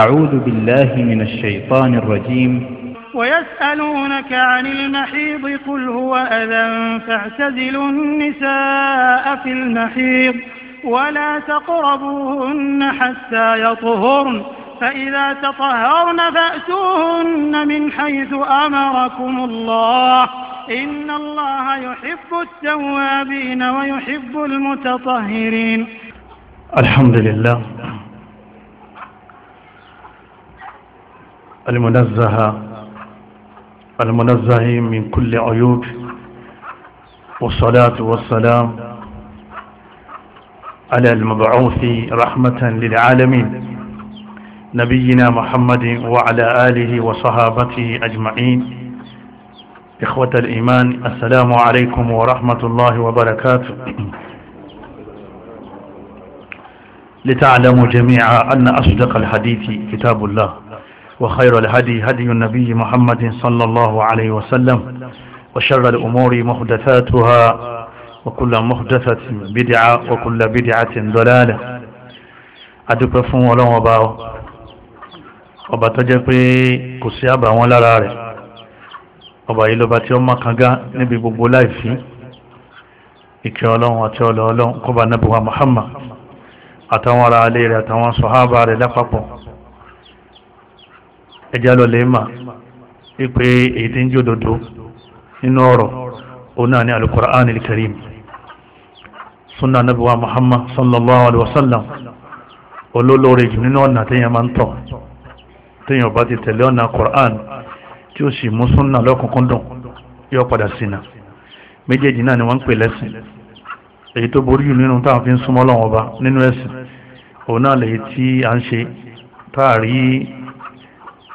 أعوذ بالله من الشيطان الرجيم ويسألونك عن المحيض قل هو أذى فاعتزلوا النساء في المحيض ولا تقربوهن حتى يطهرن فإذا تطهرن فأتوهن من حيث أمركم الله إن الله يحب التوابين ويحب المتطهرين الحمد لله المنزه المنزه من كل عيوب والصلاة والسلام على المبعوث رحمة للعالمين نبينا محمد وعلى آله وصحابته أجمعين إخوة الإيمان السلام عليكم ورحمة الله وبركاته لتعلموا جميعا أن أصدق الحديث كتاب الله وخير الهدي هدي النبي محمد صلى الله عليه وسلم وشر الأمور محدثاتها وكل محدثة بدعة وكل بدعة ضلالة adúpẹ́ fún ọlọ́run ọba ọ ọba tó jẹ́ pé kò sí àbà wọn lára rẹ̀ ọba yìí lọ́ba tí ó má kanga níbi gbogbo láìfí ìkẹ́ ọlọ́run àti ọlọ́ ọlọ́run kọba nàbùwà Muhammad àtàwọn ará alẹ́ rẹ̀ àtàwọn sọ̀hábà rẹ̀ lápapọ̀ ẹjá lọ lè mà wípé èyí tí ń jó dodo nínú ọ̀rọ̀ òun náà ní alukur'an al-karim sunna nabuwa muhammad sallallahu alaihi wasallam olólórí jù nínú ọ̀nà téèyàn máa ń tọ̀ téèyàn bá ti tẹ̀lé ọ̀nà kur'an tí ó sì mú sunna lọ́kùnkúndùn ni wọ́n ń pè lẹ́sìn èyí tó borí jù nínú táwọn fi ń súnmọ́ lọ́wọ́ ọba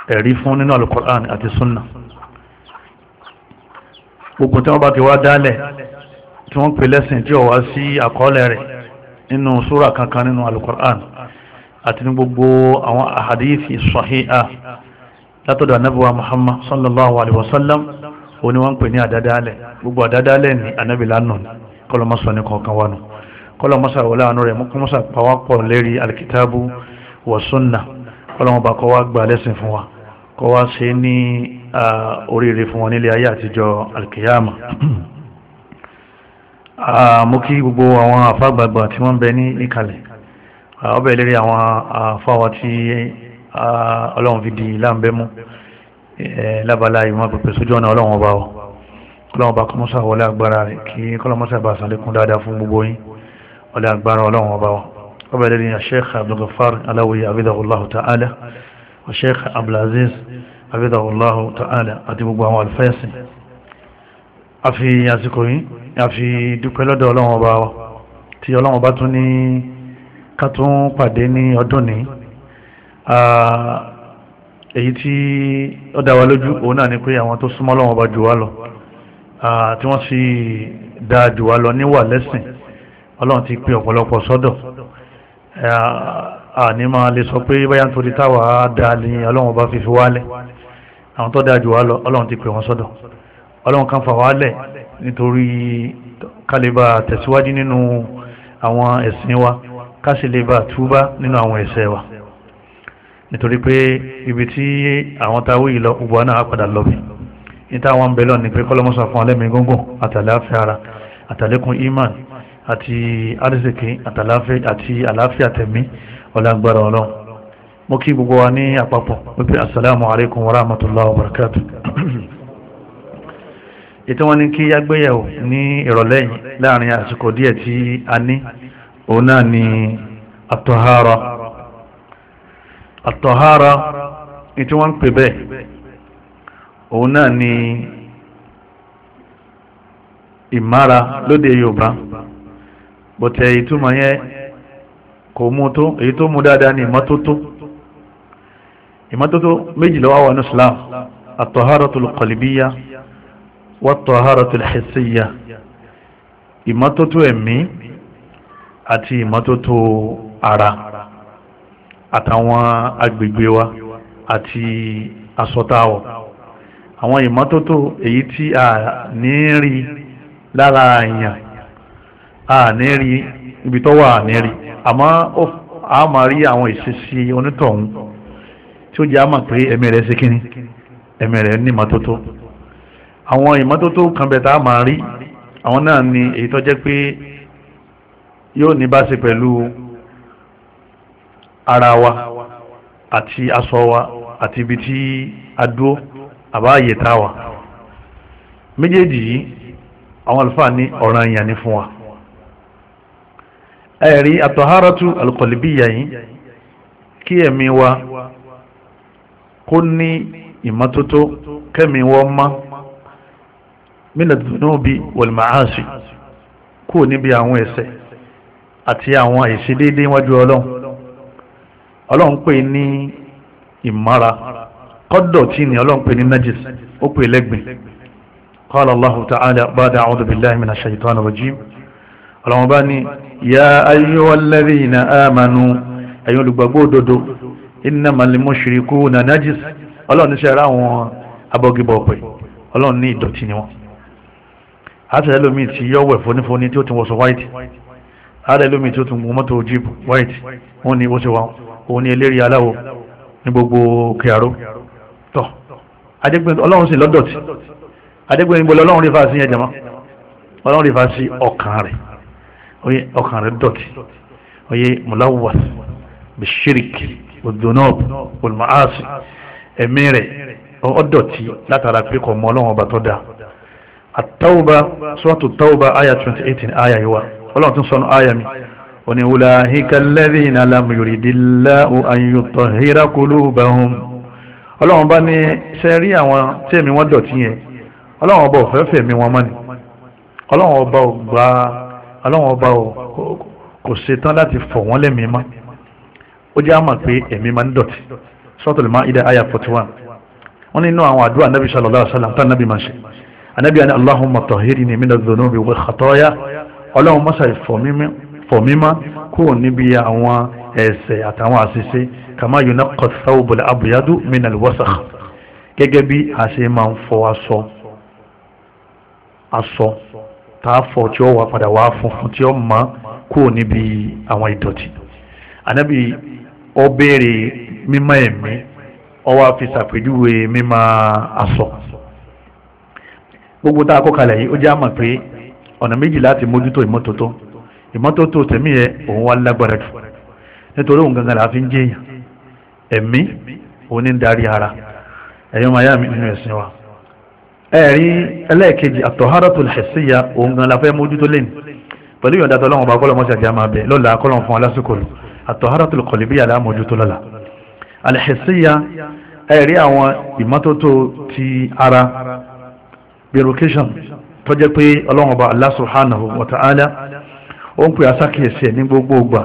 ẹ̀rí fún nínú alukur'an àti sunna gbogbo tí wọ́n bá ti wá dálẹ̀ tí wọ́n pè lẹ́sìn tí ó wá sí àkọọ́lẹ̀ rẹ̀ nínú súra kankan nínú alukur'an àti ní gbogbo àwọn àhàdíìsì sahiha látọ̀dọ̀ anábíwá muhammad sallallahu alaihi wasallam òní wọ́n pè ní àdádálẹ̀ gbogbo àdádálẹ̀ ní anábì lánà kọlọmọsọ ní kọ̀ọ̀kan wánu kọlọmọsọ wọlé àánú rẹ̀ mú kọmọsọ lérí alkitabu wa sunna ọlọ́run bá kọ́ wá gba lẹ́sìn fún wa kọ́ wá ṣe ní oríire fún wọn nílé ayé àtijọ́ alkiyama mo kí gbogbo àwọn àfàgbàgbà tí wọ́n ń bẹ ní ìkàlẹ̀ ọbẹ̀ lérí àwọn àfáwà tí ọlọ́run fi di láǹbẹ́mú lábala ìmọ̀ pẹ̀pẹ̀ sójú ọ̀nà ọlọ́run ọba ọ ọlọ́run ọba kọ́mọ́sà wọlé agbára rẹ̀ kí kọ́lọ́mọ́sà bá sàlékún dáadáa fún gbogbo yín wọlé agbára ọlọ́run ọba ọ وبدلني الشيخ عبد الغفار الألوي عبده الله تعالى والشيخ عبد العزيز عبده الله تعالى أتبقى هو الفيسن أفي ياسكوين أفي دكالة دولة وباوة tí ọlọ́run bá tún ní ká tún pàdé ní ọdún ní èyí tí ó dá wa lójú òun náà ni pé àwọn tó súnmọ́ ọlọ́run bá jù wá lọ tí wọ́n sì dá jù wá lọ níwà lẹ́sìn ọlọ́run ti pè ọ̀pọ̀lọpọ̀ sọ́dọ̀ àní máa lè sọ pé báyá nítorí táwà dáa ní ọlọ́run bá fífi wálẹ̀ àwọn tó dáa jù wá lọ ọlọ́run ti pè wọ́n sọ́dọ̀ ọlọ́run kan fà wálẹ̀ nítorí kálíbà tẹ̀síwájú nínú àwọn ẹ̀sìn wa kásìlébà túbá nínú àwọn ẹ̀ṣẹ̀ wa nítorí pé ibi tí àwọn táwé yìí lọ gbogbo náà padà lọ bí níta àwọn ń bẹ lọ ní pé kọ́lọ́mọ́sà fún alẹ́mí gógùn àtàlẹ́ àfẹ́ ara àtàlẹ́kùn imán àti arísìkí àti àlàáfíà tẹ̀mí ọ̀làgbára ọlọ́run mo kí gbogbo wa ní àpapọ̀ wípé assalamu alaikum wa rahmatullahi wa barakatuh ètò wọn ni kí agbéyẹ̀wò ní ìrọ̀lẹ́ yìí láàrin àsìkò díẹ̀ tí a ní òun náà ni àtọ̀hárà àtọ̀hárà ní tí wọ́n ń pè bẹ́ẹ̀ òun náà ni ìmára lóde Yorùbá bọ̀tẹ̀ ìtumọ̀ yẹn kò mú tó èyí tó mú dáadáa ní ìmọ́tótó ìmọ́tótó méjì ló wà wà ní Islam at-taharatul qalbiyya wat ìmọ́tótó ẹ̀mí àti ìmọ́tótó ara àtàwọn agbègbè wa àti asọ́táwọ̀ àwọn ìmọ́tótó èyí tí a ní rí lára àyàn àní rí ibi tó wà àní rí àmọ́ a máa rí àwọn ìṣesí onítọ̀hún tí ó jẹ́ àmà pé ẹ̀mí rẹ̀ ṣe kíní ẹ̀mí rẹ̀ ní ìmọ́tótó àwọn ìmọ́tótó kan a máa rí àwọn náà ni èyí tó jẹ́ pé yóò ní bá ṣe pẹ̀lú ara wa àti aṣọ wa àti ibi tí a dúró àbáyé tá a wà méjèèjì yìí àwọn àlùfáà ní ọ̀ranyàn ni fún wa ẹ̀rí àtọ̀hárátù alqalbiyya yìí kí ẹ̀mí wa kó ní ìmọ́tótó kẹ́mi wọ́n mọ́ mina dunubi wal ma'asi kú níbi àwọn ẹ̀ṣẹ̀ àti àwọn àìṣedéédé wájú ọlọ́run ọlọ́run pè ní ìmára kọ́dọ̀ tí ni ọlọ́run pè ní najis ó pè lẹ́gbìn qala Allahu ta'ala ba'da a'udhu billahi minash shaitanir rajim ọlọ́run bá ya ayyuhallazina amanu ẹ̀yin olùgbàgbọ́ òdodo innamal mushrikuna najis ọlọ́run níṣẹ́ ara àwọn abọ́gibọ̀ pẹ̀ ọlọ́run ní ìdọ̀tí ni wọ́n àtẹ̀lẹ́ ni tí yọ wẹ̀ fónífóní tí ó ti wọṣọ white àtẹ̀lẹ́ lómi tí ada ti mú mọ́tò jeep white wọ́n ní oṣù wa òun ni eléré aláwọ̀ n'igbogbo gbogbo kẹ̀rọ tọ́ adégbé ọlọ́run sì lọ́dọ̀tí adégbé níbo lọ́run rí fa sí ẹ̀jẹ̀ oye ọkàn rẹ dọ̀tí oye mulawwas bishirik odunob olmaasi ẹ̀mí rẹ ọdọ̀tí látara pé kò mọ ọlọ́run ọba tó dáa àtàwùbá suratu tàwùbá aya twenty eight ní aya yìí wa ọlọ́run tún sọnù aya mi oni ulahika alladhina lam yuridillahu an yutahhira qulubahum ọlọ́run bá ní ṣe rí àwọn tí ẹ̀mí wọn dọ̀tí yẹn ọlọ́run ọba ò fẹ́ fẹ̀mí wọn mọ́ ni ọlọ́run ò gbà ọlọ́wọ́n ọba o kò ṣetán láti fọ̀ wọ́n lẹ́mìí mọ́ ó jẹ́ àmọ̀ pé ẹ̀mí máa ń dọ̀tí sọ́tò lè má ida aya forty one wọ́n ní inú àwọn àdúrà anabi sallallahu alayhi wa sallam tá anabi máa ń ṣe anabi ani allahumma tahhirini mina dhunubi wa khataya ọlọ́wọ́n mọ́sá fọ̀ mí mọ́ kúrò níbi àwọn ẹ̀ṣẹ̀ àtàwọn àṣìṣe kàmá yunaqqa thawbul tá a fọ tí ó wà padà wá funfun tí ó mọ́ kúrò níbi àwọn ìdọ̀tí ànábì ó béèrè mímọ́ ẹ̀mí ó wá fi ṣàpèjúwe mímọ́ aṣọ gbogbo tá a kọ́ kalẹ̀ yìí ó jẹ́ àmọ̀ pé ọ̀nà méjì láti mójútó ìmọ́tótó ìmọ́tótó tèmi yẹ òun wá lágbára jù nítorí òun gangan la fi ń jẹ́yàn ẹ̀mí òun ní darí ara ẹ̀yọ́ màyà nínú ẹ̀sìn wa ẹ̀rí ẹlẹ́ẹ̀kejì àtọ̀hárọ̀tò ṣẹ̀ṣíyà òun gan la fẹ́ mójútó lẹ́nu pẹ̀lú ìyọ̀ǹda tó lọ́wọ́ bá kọ́lọ́ mọ́ṣẹ́ àti àmà bẹ̀ lọ́la kọ́lọ́ fún alásìkò lù àtọ̀hárọ̀tò kọ̀lẹ́bíyà la mójútó lọ́la àlẹ́ṣẹ̀ṣíyà ẹ̀rí àwọn ìmọ́tótó ti ara birocation tó jẹ́ pé ọlọ́wọ́ bá Allah subhanahu wa ta'ala ó ń pè asákèsì ẹ̀ ní gbogbo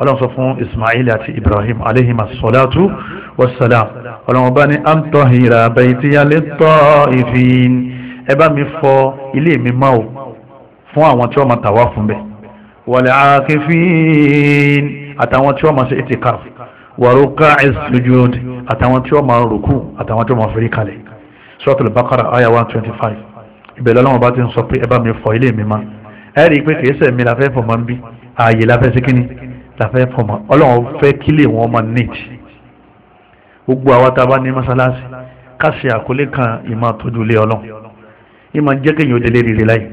ọlọ́run sọ fún ismail àti ibrahim aleyhima salatu wasalam ọlọ́run bá ní antahira baitiya lit-taifin ẹ bá mi fọ ilé mi mọ́ o fún àwọn tí wọ́n máa tàwa fún bẹ́ẹ̀ wal aakifin àtàwọn tí wọ́n máa ṣe itikaf wa ruka'i sujud àtàwọn tí wọ́n máa rùkú àtàwọn tí wọ́n máa fẹ́rí kalẹ̀ suratul baqara aya one twenty five ìbẹ̀lẹ̀ ọlọ́run bá ti ń làfẹ́ fọmọ ọlọ́run fẹ́ kílè wọn ọmọ nít gbogbo àwa tá a bá ní mọ́sálásí ká ṣe àkọlé kan ìmọ̀ tójú lé ọlọ́run ìmọ̀ jẹ́ kéèyàn ó délé rere láyé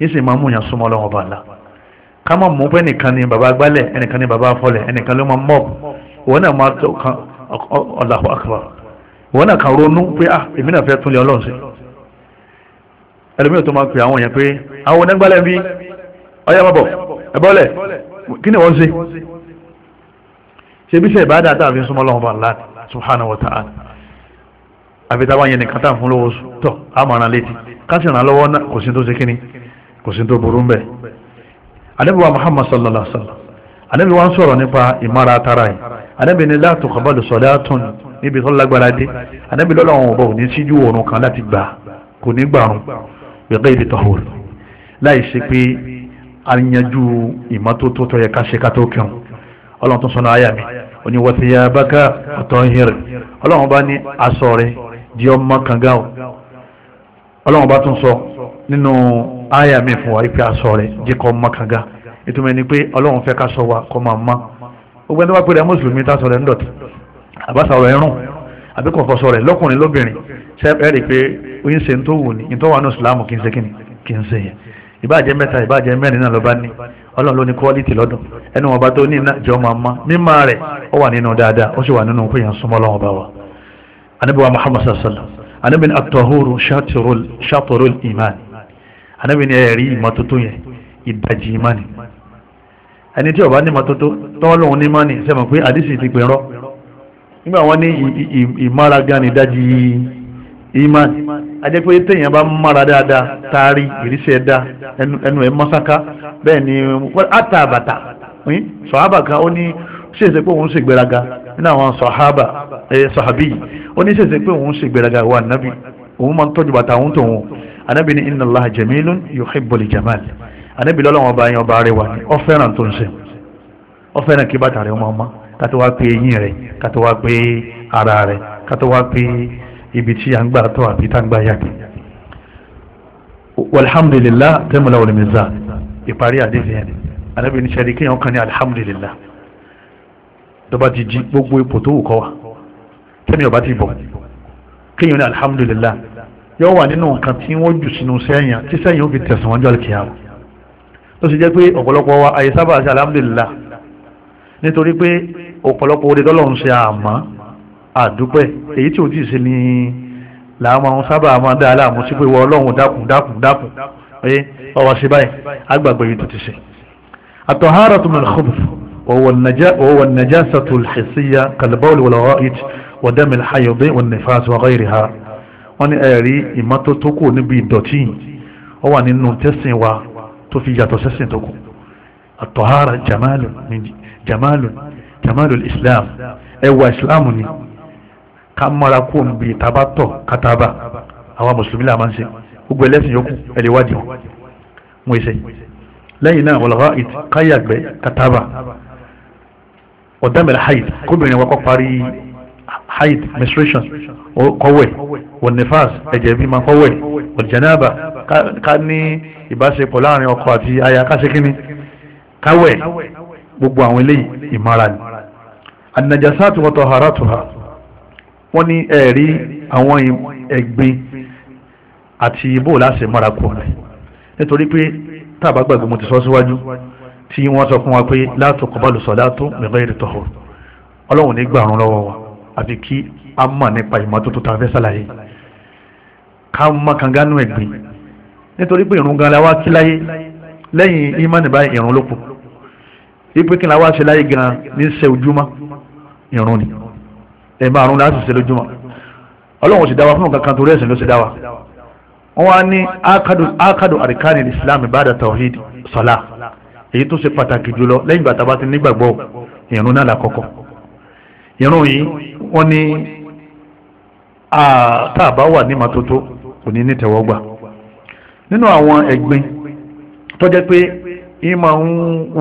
yìí sì máa mú yàn súnmọ́ ọlọ́run ọba àlá ká mú pé nìkan ni bàbá gbálẹ̀ ẹnìkan ni bàbá fọlẹ̀ ẹnìkan ló máa mọ́ọ̀bù wọn náà máa tó kan Allahu akbar wọn náà kan ronú pé ah èmi náà fẹ́ túnlẹ̀ ọlọ́run sí ẹlòmíràn tó máa pè àwọn yẹn pé àwọn onígbàlẹ̀ bíi ọyá má ẹ bọ́lẹ̀ kí ni wọ́n ṣe ṣe bí ṣe ìbáàdà tá a fi súnmọ́ lọ́wọ́ bá láti subhanahu wa ta'ala àfi táwọn yẹn nìkan tá à ń fún lọ́wọ́ tọ̀ á mọ̀ ara létí ká sì ràn lọ́wọ́ náà kò sí tó ṣe kíni kò sí tó burú mbẹ́ anabiwa muhammad sallallahu alaihi wa sallam anabi wa ń nípa ìmára tara yìí anabi ni la tuqbalu salatun níbi tó lágbára dé anabi lọ́la wọn bọ̀ ní síjú òrùn kan láti gbà kò ní gbàrún bi ghairi tahur láì ṣe pé àríyànjú ìmọ́tótó tó yẹ ká ṣe ká tó kẹun ọlọ́run tó sọnà àyà mi òní wọ́tíyà bákà ọ̀tọ̀ hìrì ọlọ́run bá ní aṣọ rẹ̀ di ọmọ kànga o ọlọ́run bá tún sọ nínú àyà mi fún wa pé aṣọ rẹ̀ jẹ́ kọ́ ọmọ kànga ìtumọ̀ ẹni pé ọlọ́run fẹ́ ká sọ wa kọ́ máa má gbogbo ẹni wá pé rẹ̀ mùsùlùmí tá sọ rẹ̀ ń dọ̀tí àbáṣà rẹ̀ rùn àbí kọ̀ọ̀kan sọ rẹ̀ lọ́kùnrin lóbìnrin ṣẹ́ ẹ̀ rí i pé ó ń ṣe ń tó wù ní ìtọ́wà náà ìbáàjẹ́ mẹ́ta ìbáàjẹ́ mẹ́rin náà ló bá ní ọlọ́run ló ní quality lọ́dún ẹnu ọba tó ní ìjọ máa ma mímá rẹ̀ ó wà nínú dáadáa ó sì wà nínú pé yẹn súnmọ́ ọlọ́run ọba wa anabiwa muhammad sallam anabi ni atọ́húrú ṣàtọ̀rọ̀ ìmán anabi ni ẹ̀rí ìmọ́tótó yẹn ìdajì imani, ẹni tí ọba ní ìmọ́tótó tọ́lọ́run ní ìmánì sẹ́mi pé àdísì ti pè rọ́ nígbà wọn ní ìmára gan ìdajì ìmánì ajẹ́ pé téèyàn bá mára dáadáa taari ìrísẹ́ dá ẹnu ẹ̀ mọ́sáká bẹ́ẹ̀ ni àtàbàtà sọ̀hábà kan ó ní ṣèṣe pé òun ṣègbéraga nínú àwọn sọ̀hábà sọ̀hábì ó ní ṣèṣe pé òun ṣègbéraga wà nábì òun máa ń tọ́jú bàtà òun tòun anábì ní inna Allaha jamilun yuhibbul jamal anábì lọ́lọ́wọ́n bá yan ọba rẹ̀ wà ní ó tó ń ṣe ó kí bàtà rẹ̀ ọmọ ọmọ kátó wá pé eyín rẹ̀ kátó wá pé ara rẹ̀ kátó wá pé ibi tí a ń gbà tọ́ àbí tá ń gbà yàgbé walhamdulillah tẹ́mùlá olùmíza ìparí àdéhùn yẹn anábì ní sẹ́rí kéèyàn kan ní alhamdulillah dọ́ba ti jí gbogbo ipò tó wù kọ́ wa tẹ́mi ọba ti bọ̀ kéèyàn ní alhamdulillah yóò wà nínú nǹkan tí wọ́n jù sínú sẹ́yìn tí sẹ́yìn ó fi tẹ̀sán wájú àlùkìyàwó tó sì jẹ́ pé ọ̀pọ̀lọpọ̀ wa àyè sábà ṣe alhamdulillah nítorí pé ọ̀pọ̀lọpọ̀ òde tọ́lọ́run ṣe àmọ́ àdúpẹ́ èyí tí ò tí ì sí ni làwọn àwọn sábà máa dá aláàmú sí pé wọ ọlọ́run dákun dákun dákun ẹ ọwọ́ sí báyìí agbàgbé yìí tó ti sè. at-taharatu min al-khubuth wa huwa an-najasatu al-hissiyya kal-bawl wal-gha'it wa dam al-hayd wa an-nifas wọ́n ní ẹ̀rí ìmọ́tótó kù níbi ìdọ̀tí ó wà nínú tẹ́sìn wa tó fi yàtọ̀ sẹ́sìn tó kù at-tahara jamalun islam ẹwà islam ni ká mọ́ra kó ń bi taba tọ̀ kátaba àwọn mùsùlùmí là máa ń ṣe gbogbo ẹlẹ́sìn yòókù ẹ̀ lè wádìí wọn ṣe lẹ́yìn náà wọ̀lọ́wọ́ káyàgbẹ́ kátaba ọ̀dàmẹ̀rẹ̀ haid kóbìnrin wa kọ́ parí haid menstruation kọ́wẹ̀ wọ̀nifas ẹ̀jẹ̀ bímọ kọ́wẹ̀ wọ̀jẹ̀nàbà ká ní ìbáṣepọ̀ láàrin ọkọ àti aya káṣekínní káwẹ̀ gbogbo àwọn eléyìí ìmárani ànàjàsáàtù wa taharatuha wọ́n ní ẹ̀rí àwọn ẹ̀gbin àti ibò láṣẹ mọ́ra kù rẹ̀ nítorí pé tàbá gbàgbé mo ti sọ síwájú tí wọ́n sọ fún wa pé la tuqbalu salatu min ghairi tahur ọlọ́run ní gbàrún lọ́wọ́ wa àfi kí a mọ̀ nípa ìmọ́tótó tá a fẹ́ sàlàyé ká mọ́ kangánú ẹ̀gbin nítorí pé ìrun gan la wá kí láyé lẹ́yìn ìmánì báyìí ìrun ló kù wá ṣe láyé gan ní ṣe ojúmọ́ ìrun ni ẹ̀mí àrùn láti ṣe lójúmọ́ ọlọ́run sì dáwà fún nǹkan kan torí ẹ̀sìn ló sì dáwà wọ́n wá ní akadu arikani islam ibada tawhid sọlá èyí tó ṣe pàtàkì jùlọ lẹ́yìn bàtà bá ti nígbàgbọ́ ìrún náà lákọ́kọ́ ìrún yìí wọ́n ní tá a bá wà ní màtótó kò ní ní tẹ̀wọ́gbà nínú àwọn ẹ̀gbin tó jẹ́ pé ìmọ̀ ń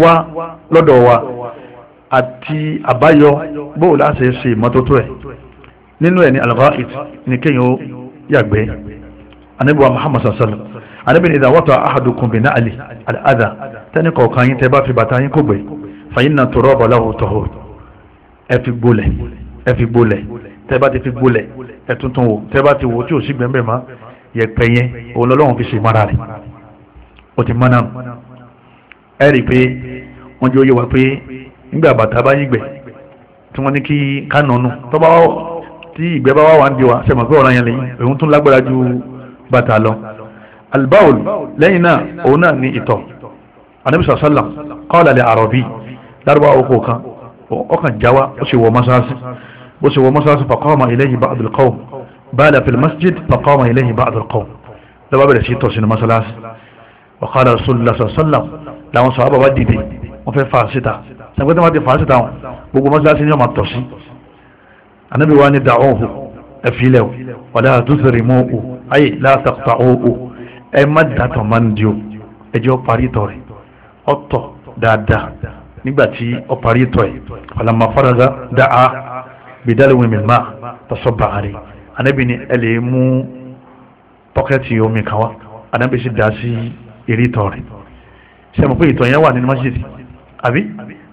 wá lọ́dọ̀ wa àti àbáyọ bóò láti ṣe ìmọ́tótó ẹ̀ nínú ẹ̀ ní al-gha'it ní kéyàn ó yàgbẹ́ anábíwá muhammad sallam anábí ní ìdáwọ́tọ̀ ahadukum bi ali al-adha tẹ́ni kọ̀ọ̀kan yín tẹ́ bá fi bàtà yín kò gbé fa inna turaba lahu tuhur ẹ fi gbolẹ̀ ẹ fi gbolẹ̀ tẹ́ bá ti fi gbolẹ̀ ẹ tuntun wò tẹ́ bá ti wò tí ò sí gbẹ̀mbẹ̀ mọ́ yẹpẹ̀ yẹn òun lọ́lọ́run fi ṣe mara rẹ̀ ó ti mọ́nà ẹ rí i pé wọ́n jẹ́ ó yẹ pé nígbà bàtà bá yígbẹ tí wọn ní kí kánọ̀nù tọ́ba tí ìgbẹ́ bá wà wá ń di wa sẹ́mọ̀ pé ọ̀ràn yẹn lẹ́yìn òun tún lágbára ju bàtà lọ albaul lẹ́yìn náà òun náà ní ìtọ̀ anamisa sallam kọ́ọ̀lá lẹ́ àrọ̀bí lárúbáwá oko kan ọkàn jáwá ó sì wọ mọ́sáàsì bó sì wọ mọ́sáàsì fàkọ́ọ̀mà ilayhi ba'dul qawm bala fil masjid fàkọ́ọ̀mà ilayhi ba'dul qawm lọ́ba bẹ̀rẹ̀ sí tọ̀sí mọ́sáàsì wa qala sallam làwọn sọ̀rọ̀ bàbá dìde wọ́n fẹ́ fà síta sàgbẹ́ tí wọ́n ti fà á sí táwọn gbogbo mọ́sálásí ni wọ́n máa tọ̀ sí anabi wa ni da'uhu ẹ̀fílẹ̀ o wala tuzrimuhu ayé la taqta'uhu ẹ má dàtọ̀ máa ń di o ẹ jẹ́ ọ parí tọ̀ rẹ̀ ọ tọ̀ dáadáa nígbà tí ọ parí tọ̀ ẹ̀ falamma faraga da'a bidalwin min ma tasabba alayhi anabi ni ẹ lè mú pọ́kẹ́tì omi kan wá anabi sì dá sí eré tọ̀ rẹ̀ sẹ́mi pé ìtọ̀ yẹn wà nínú masjid àbí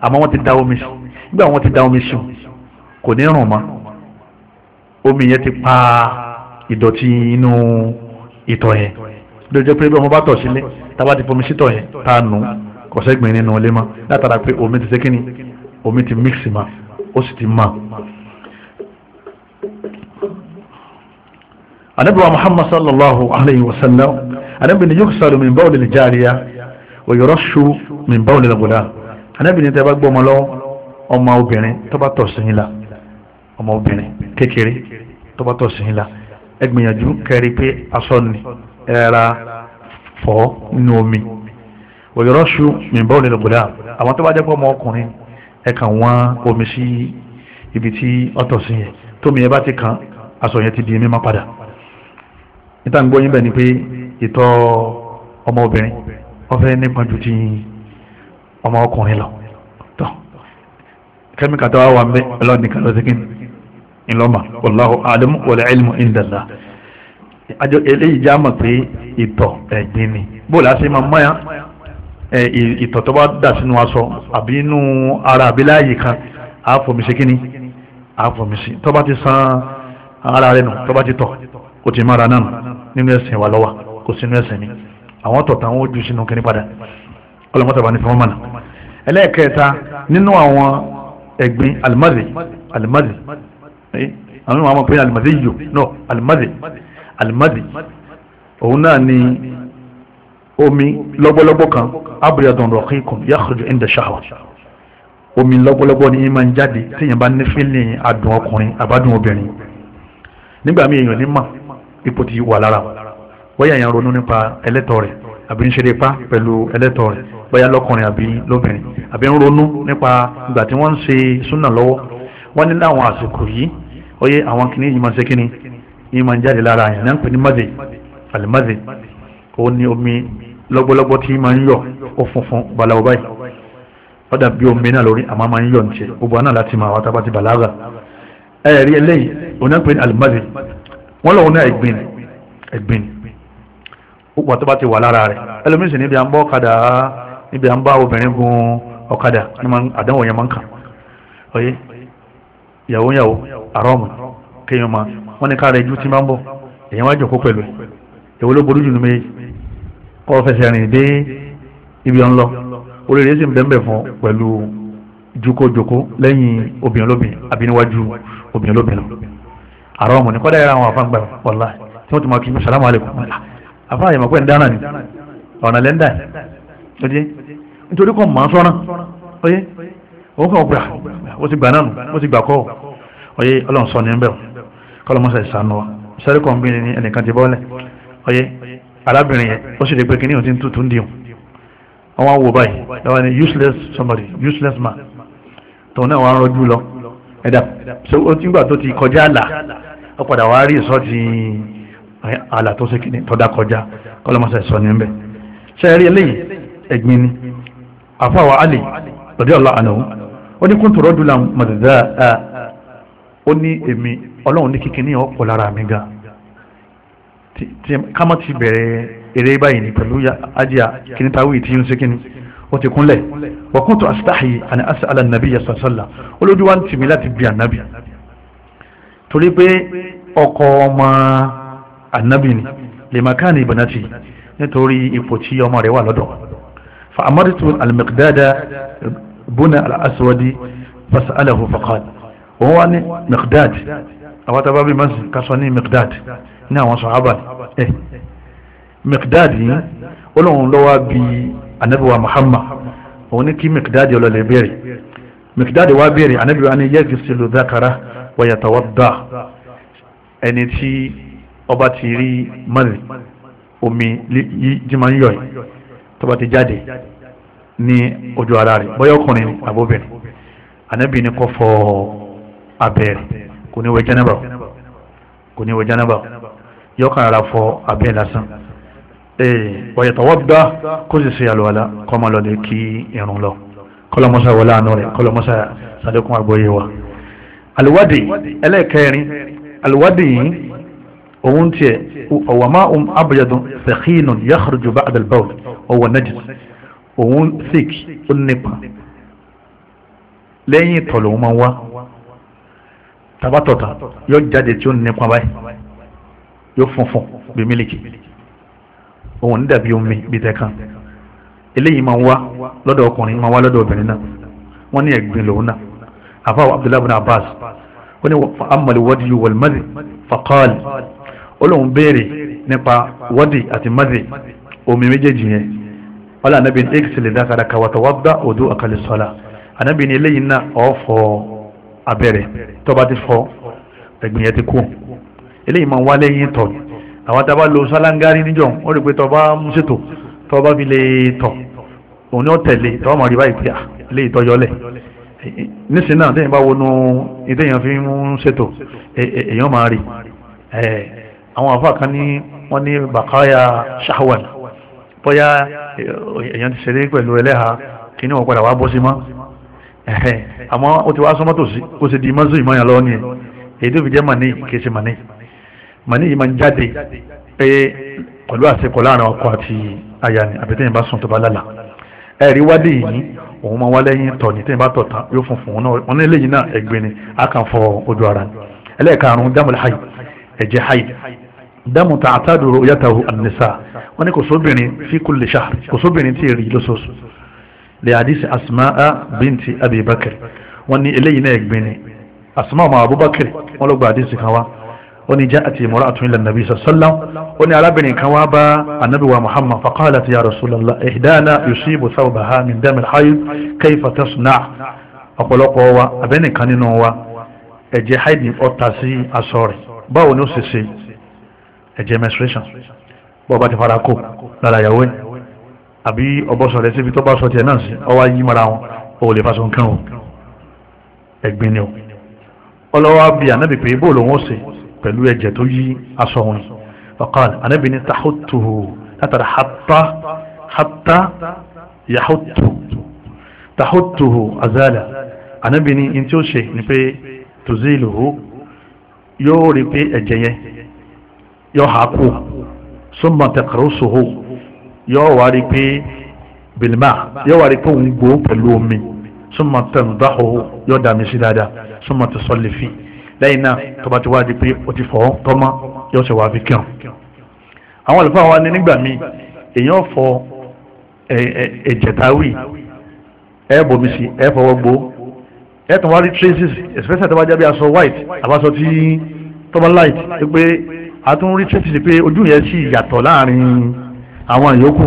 àmọ́ wọ́n ti da omi sùn nígbà wọ́n ti da omi sùn kò ní rùn mọ́ omi yẹn ti pa ìdọ̀tí inú ìtọ̀ yẹn ló jẹ́ pé bí ọmọ bá tọ̀ sílé tábà ti fomi sítọ̀ yẹn tá a nù kò sẹ́gbìn nínú ilé mọ́ látara pé omi ti sékìní omi ti mix ma ó sì ti ma. anabi wa muhammad sallallahu alayhi wa sallam anabi ni yóò sàlù min bawli al-jariya anábìnrin tẹ́ bá gbọ́ ọmọ lọ́wọ́ ọmọ obìnrin tó bá sí yín la ọmọ obìnrin kékeré tó bá sí yín la ẹ gbìyànjú kẹrí pé aṣọ ni ẹ ra fọ́ nínú omi òyìnbó ṣu mìíràn nínú gbòdà àwọn tó bá jẹ́ pé ọmọ ọkùnrin ẹ kàn wọ́n omi sí ibi tí ọ tọ̀ sí yẹn tómi yẹn bá ti kàn aṣọ yẹn ti di mímọ́ padà níta ń gbóyún bẹ́ẹ̀ ni pé ìtọ̀ ọmọ obìnrin ọfẹ́ nípa ju ti yín ọmọ ọkùnrin lọ tọ́ kẹ́míkà tó wà wà ń bẹ́ ọlọ́nìkan ló ti kí ńlọ́mà wallahu a'lam wal ilmu indallah àjọ eléyìí já mọ̀ pé ìtọ̀ ẹ̀gbin ni bó la ṣe máa mọ́yán ìtọ̀ tó bá dà sínú aṣọ àbí inú ara àbí láàyè kan àáfòmí ṣe kíni àáfòmí sí tó bá ti san ara rẹ̀ nù tó bá ti tọ̀ kò tí ì mára náà nínú ẹ̀sìn wà lọ́wọ́ kò sínú ẹ̀sìn ni àwọn tọ̀ táwọn ó ju sínú kíní padà ọlọ́mọ́tàbà ní fọmọ́mọ́nà ẹlẹ́ẹ̀kẹta nínú àwọn ẹ̀gbin alimazi alimazi eh, àwọn ọmọ pé alimazi yìí no alimazi alimazi òun náà ni omi lọ́gbọ́lọ́gbọ́ kan abúlé-adùn rọ̀kì kùn yakhruju inda shahwa omi lọ́gbọ́lọ́gbọ́ ni ìmọ̀ ń jáde tíyẹn bá ní fílẹ̀ adùn ọkùnrin àbádùn obìnrin nígbà míì èèyàn ní mà ipò ti wà lára wọ́yà yẹn ronú nípa ẹlẹ́tọ̀ rẹ̀ àbí ń ṣe lè pa pẹ̀lú ẹlẹ́tọ̀ rẹ̀ bóyá lọ́kùnrin àbí lóbìnrin àbí ń ronú nípa ìgbà tí wọ́n ń ṣe súnà lọ́wọ́ wọ́n ní láwọn àsìkò yìí oyè àwọn kìnìún yìí máa ń ṣe kìnìún yìí máa ń jáde lára àyàn náà ń pè ní madé alimade òun ni omi lọ́gbọ́lọ́gbọ́ tí máa ń yọ ó funfun balawo báyìí wọ́n dàbí omi náà lórí àmọ́ máa ń yọ nìṣe gbogbo àná láti máa wá tábàtì balaga ẹ̀rí eléyìí òun náà ń pè ní alimade wọ́n lọ́wọ́ náà ẹ̀gbìn ẹ̀gbìn wọ́n níbi à ń bá obìnrin gun ọ̀kadà àdánwò yẹn máa ń kàn ọyẹ ìyàwó yàwó àrọ́ọ̀mù kéèyàn máa wọ́n ní káàrẹ̀ ju tí máa ń bọ̀ èèyàn wá jòkó pẹ̀lú ìwọ ló borí jùlọ méjì kọ́ fẹsẹ̀ rìn dé ibi ọ̀n lọ oríire sì ń bẹ́ẹ̀ fún pẹ̀lú jukojoko lẹ́yìn obìnrin lóbìn àbí níwájú obìnrin lóbìn àrọ́ọ̀mù ní kọ́dà yẹra àwọn afáǹgbà wàlá nítorí kan mọ̀ sọ́nà ọyẹ òun kan gbà ó ti gbà náà nù ó ti gbà kọ́ ọyẹ ọlọ́run sọ ní bẹ́ẹ̀ kọ́lọ́mọ́sà ìsànù wa sẹ́rí kan bí ní ẹnìkan ti bọ́lẹ̀ ọyẹ arábìnrin yẹn ó sì lè pé kí ní tuntun dì wọn wọn wò báyìí lọ́wọ́ ni useless somebody useless man tòun náà wà ń rọjú lọ ẹ̀dá ó ti gbà tó ti kọjá àlà ó padà wá rí ìsọ́ ti àlà tó ṣe kìíní tọ́da kọjá kọ́lọ́mọ́sà ìsọ ní bẹ́ẹ̀ sẹ́rí eléyìí ẹ̀gbin ni àfàwà ali radiyallahu anhu ó ní kúntù rọ́dúlà mọ̀dàdà à ó ní èmi ọlọ́run ní kíkiní ọ̀pọ̀ lára mi ga ká má ti bẹ̀rẹ̀ eré báyìí ní pẹ̀lú ajíà kíní táwí tí yóò ń ṣe kíní ó ti kúnlẹ̀ wa kuntu astahi àni as'ala an-nabiyya sallallahu alaihi wasallam olójú wa ń tì mí láti bí ànábì torí pé ọkọ ọmọ ànábì ni lèmàkánì ìbànátì nítorí ipò tí ọmọ rẹ̀ wà lọ́dọ̀ فأمرت المقداد بن الأسود فسأله فقال وهو مقداد أو تبابي من كسوني مقداد نعم صحابة إيه مقداد ولون لوا بأنبوى محمد ونكي مقداد ولا لبيري مقداد وابيري أنبوى أن يغسل ذكره ويتوضع ẹni tí ọba ti rí mọ́lẹ̀ omi jíma yìí tó bá ti jáde ní ojú ara rẹ̀ bóyá ọkùnrin ni àbóbìnrin ànábì ni kò fọ abẹ́rẹ́ kò ní wẹ̀ jẹ́nẹ́bà kò ní wẹ̀ jẹ́nẹ́bà yọkàn ara fọ abẹ́ lásán wọ̀yẹ̀ tọwọ́ gbá kó sì ṣe àlùwàlá kọ́ máa lọ lè kí irun lọ kọlọmọsá wọlé àánú rẹ̀ kọlọmọsá sàdékùn àgbóyé wa alùwádìí ẹlẹ́ẹ̀kẹrin alùwádìí yìí òun tiẹ̀ ọ̀wàmá um abuyadun fẹ̀kínun yakhruju ba'da al-bawl ọwọ́ najis òun sick ó nípa lẹ́yìn ìtọ̀ lòun máa ń wá tabatọ̀ta yóò jáde tí ó nípa báyìí yóò funfun bí mílíkì òun dàbí omi bí tẹ̀kan eléyìí máa ń wá lọ́dọ̀ ọkùnrin máa ń wá lọ́dọ̀ obìnrin náà wọ́n ní ẹ̀gbin lòun náà àfáwọ̀ abdullahi bin abbas wọ́n ní amali wadi wal madi faqal olóhùn béèrè nípa wadi àti madi omi méjèèjì yẹn wọ́n lé anabi ní ekisi lè dákàdá kàwátà wá gbá odò àkàlẹ̀ sọ́la anabi ní eléyìí náà ọ̀ fọ abẹ́rẹ́ tó bá ti fọ ẹ̀gbìn yẹn ti kú eléyìí máa ń wá lẹ́yìn tọ̀ àwọn tá a bá lo sálángárì níjọ́ wọ́n rí i pé tó bá mú ṣètò tó bá fi lè tọ̀ òun ni ó tẹ̀lé tó mọ̀ rí báyìí pé ah, eléyìí tọ́jọ́lẹ̀ nísìnyí náà téèyàn bá wọnú ìdéyàn fi ń e, e, èèyàn máa rí àwọn àfa kan ní wọ́n ní bàkáyà ṣáwàlì bóyá eh, èèyàn ti ṣeré pẹ̀lú ẹlẹ́ha kí ní wọ́n padà wá bọ́ sí mọ́ ẹ̀hẹ́ àmọ́ ó ti wá sọ́mọ́ tòsí ó sì di mọ́sí ìmọ̀ yàn lọ́wọ́ ni èyí tó fi jẹ́ màní kìí ṣe màní màní yìí máa ń jáde pé pẹ̀lú àṣepọ̀ láàrin ọkọ àti aya ni àbí tẹ́yìn bá sùn tó bá lálà ẹ̀rí wádìí yìí òun máa wá lẹ́yìn tọ̀ ní tẹ́yìn bá tọ̀ tán yóò funfun òun náà eléyìí náà ẹ̀gbin dámù tààtà dòrò yàtàwó àdìsá wọn ni kò sóbìnrin fi kulli shahr kò sóbìnrin tí èrè lóṣooṣù lè àdìsí asma'a bíntì abibakar wọn ni eléyìí náà gbin ni asma ọmọ abubakar wọn ló gba àdìsí kan wá wọn ni já àti ìmọ̀ràn àtúnyìn lẹ́nu nàbí sàlám wọn ni arábìnrin kan wá bá anabi wa muhammad faqalat ya rasulallah ihdana yusibu thawbaha min dam al-hayd kayfa ọ̀pọ̀lọpọ̀ wa abẹ́nìkan nínú wa ẹ̀jẹ̀ haid ọ̀tà sí aṣọ rẹ̀ báwo ni ó ṣe ṣe ẹ̀jẹ̀ menstruation bọ́ọ̀ bá ti fara kó lára ìyàwó ẹ̀ àbí ọbọ̀sọ̀ rẹ̀ síbi tó bá sọ tiẹ̀ náà sí ọwọ́ ayé mara wọn ò lè faṣọ nǹkan o ẹ̀gbin ni o ọlọ́wọ́ bí anábì pé bó lòun ó ṣe pẹ̀lú ẹ̀jẹ̀ tó yí aṣọ wọn ọ̀kan anábì ní tahotuhu látara hata hata yahotu tahotuhu azala anábì ní in ó ṣe ni pé tuziluhu yóò rí pé ẹ̀jẹ̀ yẹn yọ ha kú súnmọ́ tẹkẹrọsọhó yọ wá rí pé bilima yọ wá rí pé òun gbó pẹ̀lú omi súnmọ́ tẹnudáhó yọ dàmí sí dáadáa súnmọ́ tẹsọlẹfì lẹ́yìn náà tọba ti wá di pé o ti fọ tọmọ yọ sọ wá fi kírun àwọn àlùfáà wa ní nígbà míì èèyàn fọ ẹ̀jẹ̀táwì ẹ bomi sí ẹ fọwọ́ gbó ẹ tàn wá rí traces especially tọba jábí aṣọ white àbáṣọ tí tọba light pé a tún rí títí sí pé ojú yẹn sì yàtọ̀ láàrin àwọn ìyókù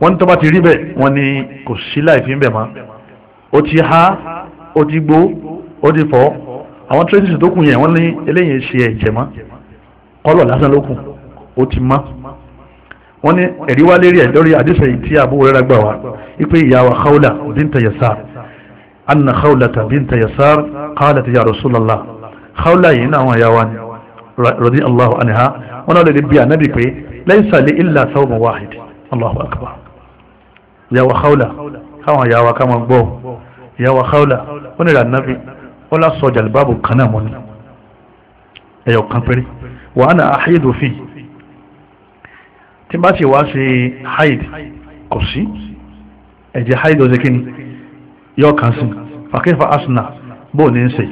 wọ́n ní tó bá ti rí bẹ́ẹ̀ wọ́n ní kò sí láì fi ń bẹ̀ mọ́ ó ti há ó ti gbó ó ti fọ́ àwọn tírẹ́sì tó kù yẹn wọ́n ní eléyìí ṣe ẹ̀jẹ̀ mọ́ kọ́lọ̀ lásán ló kù ó ti mọ́ wọ́n ní ẹ̀rí wá lérí ẹ̀ lórí àdìsẹ̀ yìí tí Abu Hurairah gbà wá wípé ìyá wa Khawla bint Yasar anna Khawlata bint Yasar qalat ya Rasulullah Khawla yìí náà àwọn ìyá wa ni radiyallahu anha wọn náà lè bí ànábì pé lẹ́yìn sàlẹ̀ ilà sawmu wahid allahu akbar yàwó hawla káwọn yàwó ká máa gbọ́ yàwó hawla ó ní ìrànnábì ó lásọ jàlbáàbù kan náà mọ́ ni ẹ̀yọ̀ kan péré wà á na àhídò fi tí bá ti wá sí haid kò sí ẹ̀jẹ̀ haid ó ṣe yọ kan sí fàkẹ́fà asna bóò ní ń ṣe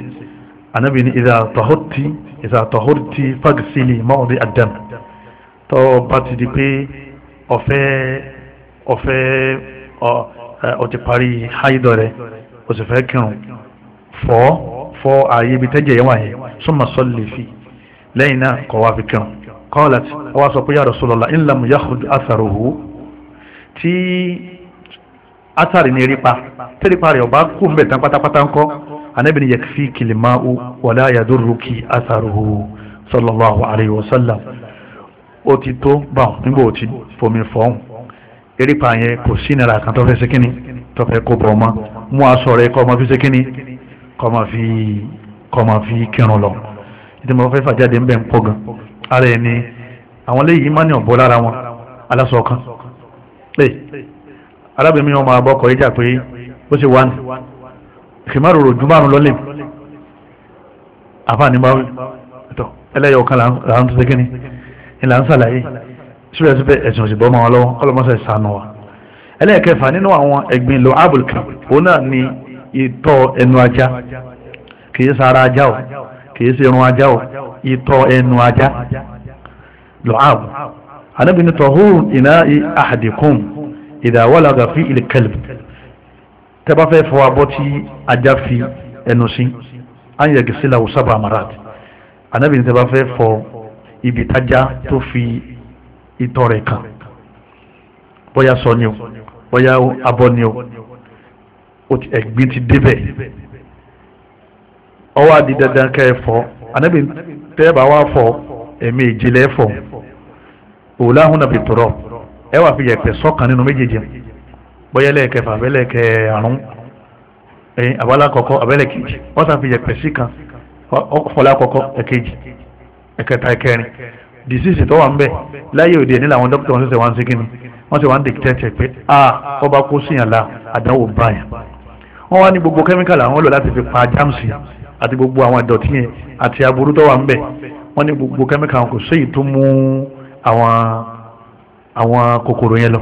ànábì ní ìdá tọ́hótì ìsà tọ̀húrìtì fagisili mọ́ọ̀dì àdàm tó bá ti di pé ọ̀fẹ́ ọ̀fẹ́ ọ̀tí parí haidọ̀ rẹ̀ o sì fẹ́ kírun fọ́ fọ́ ààyè ibi tẹ́jẹ̀ yẹn wà yẹn súnmọ́ sọ́ọ̀lì fi lẹ́yìn náà kọ́ wá fi kírun kọ́ọ̀lá tí wọ́n sọ pé ya Rasulullah in lam yakhruj atharuhu tí atharu ní erípa tẹ́rípa rẹ̀ ọba kú mbẹ̀ tán pátápátá ńkọ́ anabi ni yakfiki lima'u wala yadurruki atharuhu sallallahu alayhi wa sallam ó ti tó bá nígbà ó ti fomi fọ́hùn erépa yẹn kò sí ìnira kan tó fẹ́ ṣe kíni tó fẹ́ kó bọ̀ ọmọ mú aṣọ rẹ kọ́ ọmọ fi ṣe kíni kọ́ ọmọ fi kọ́ fi kírun lọ ìdìbò fẹ́ fàjáde ń bẹ̀ ń gan ara ẹ̀ ni àwọn léyìí má ní ọ̀bọ lára wọn aláṣọ kan arábìnrin mi wọn máa bọ́ ọkọ̀ yíjà pé ó sì wá ní kìmárò rò jùmárùn lọ́lẹ̀ àfààní bá tọ ẹlẹ́yọ̀ kan là ń tó sékéni ìlà ń sàlàyé síbẹ̀síbẹ̀ ẹ̀sìn òsì bọ́ mọ́ wọn lọ́wọ́ ọlọ́mọṣẹ́ ìsànù wa ẹlẹ́ẹ̀kẹfà nínú àwọn ẹ̀gbin lo abulkan òun náà ni ìtọ̀ ẹnu ajá kìí sara ajá o kìí sí irun ajá o ìtọ̀ ẹnu ajá lo abu anábìnrin tọ̀hún ìná ahadikum ìdáwọ́lá tẹ́bá fẹ́ fọ abọ́ tí ajá fi ẹnu sí anyagì sílá ọ̀sábà amarat anabi ní tẹ́bá fẹ́ fọ ibi tájá tó fi itọ́ rẹ̀ kàn bóyá sọ ni o bóyá abọ́ ni o ẹ̀gbin ti débẹ̀ ọwọ́ adi dandan kẹ́ ẹ fọ anabi tẹ́ẹ̀bà wá fọ ẹ̀mí ìjìnlẹ̀ fọ òwúlà hùnà bìtọ̀rọ̀ ẹ wà fi yẹ̀pẹ̀ sọ́kàn nínú méjèèjì bóyá lẹ́ẹ̀kẹfà abẹ́lẹ̀kẹ àrùn ẹ̀yìn abala kọ̀kọ́ abẹ́lẹ̀kejì wọ́n sàn fi yẹpẹ̀ sí kan ọ̀fọ̀lá kọ̀kọ́ ẹ̀kejì ẹ̀kẹta ẹ̀kẹrin disease tó wà ń bẹ̀ láyé òde ní làwọn dókítà wọn ṣẹ̀ṣẹ̀ wá ń sí kíni wọ́n sì wá ń dìkítẹ́tẹ̀ pé a ọba kó síyàn la àdánwò báyà wọ́n wá ní gbogbo kẹ́míkàlì àwọn lò láti fi pa jáàmùsì àti gbogbo àwọn ìdọ̀tí yẹn àti aburú tó wà ń bẹ̀ wọ́n ní gbogbo kẹ́míkàlì kò séyìí tó mú àwọn kòkòrò yẹn lọ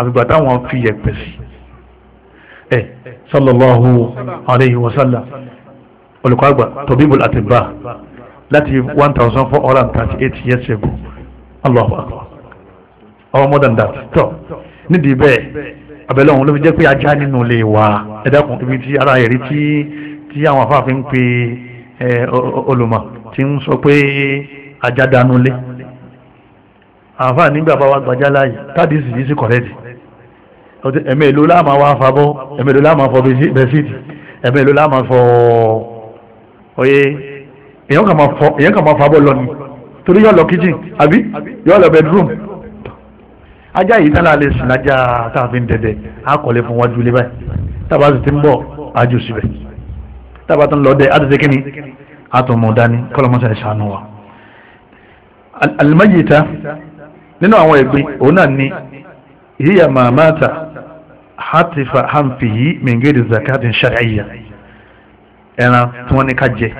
àgbà táwọn fi yẹ̀pẹ̀ sí ẹ̀ sallallahu alayhi wa sallam olùkọ́ àgbà tabibul atibba láti one thousand four hundred thirty eight years ago allahu akbar our more than that tọ́ nídìí bẹ́ẹ̀ abẹ́lẹ́ ọ̀hún ló fi jẹ́ pé ajá nínú ilé wa ẹ ibi tí ara ẹ̀rí tí tí àwọn afáàfin ń pe olùmọ̀ tí ń sọ pé ajá dánú lé àǹfààní nígbà bá wa gbajá láàyè tádìsì yìí sí kọ̀rẹ́dì ẹ̀mẹ́ ìlú láàmà wá fàbọ́ ẹ̀mẹ́ ìlú láàmà fọ bẹ́sìtì ẹ̀mẹ́ ìlú láàmà fọ oyé èyàn kà máa fàbọ́ lọ ni torí yọ lọ kitchen àbí yọ lọ bedroom ajá yìí tán láàlẹ́ sí lájá tá a fi ń dẹ̀dẹ̀ á kọ̀lé fún wájú ilé báyìí tábà sì ti ń bọ̀ ájú síbẹ̀ tábà tó ń lọ dẹ á ti ṣe kíni á tó mú dání kọ́lọ́mọ́sá ìṣàánú wa alimajita nínú àwọn ẹ̀gbin òun náà ni ìyá màmáta hatifa hanfihi mingeri zakatin shar'iyya ẹran tí wọ́n ní ká jẹ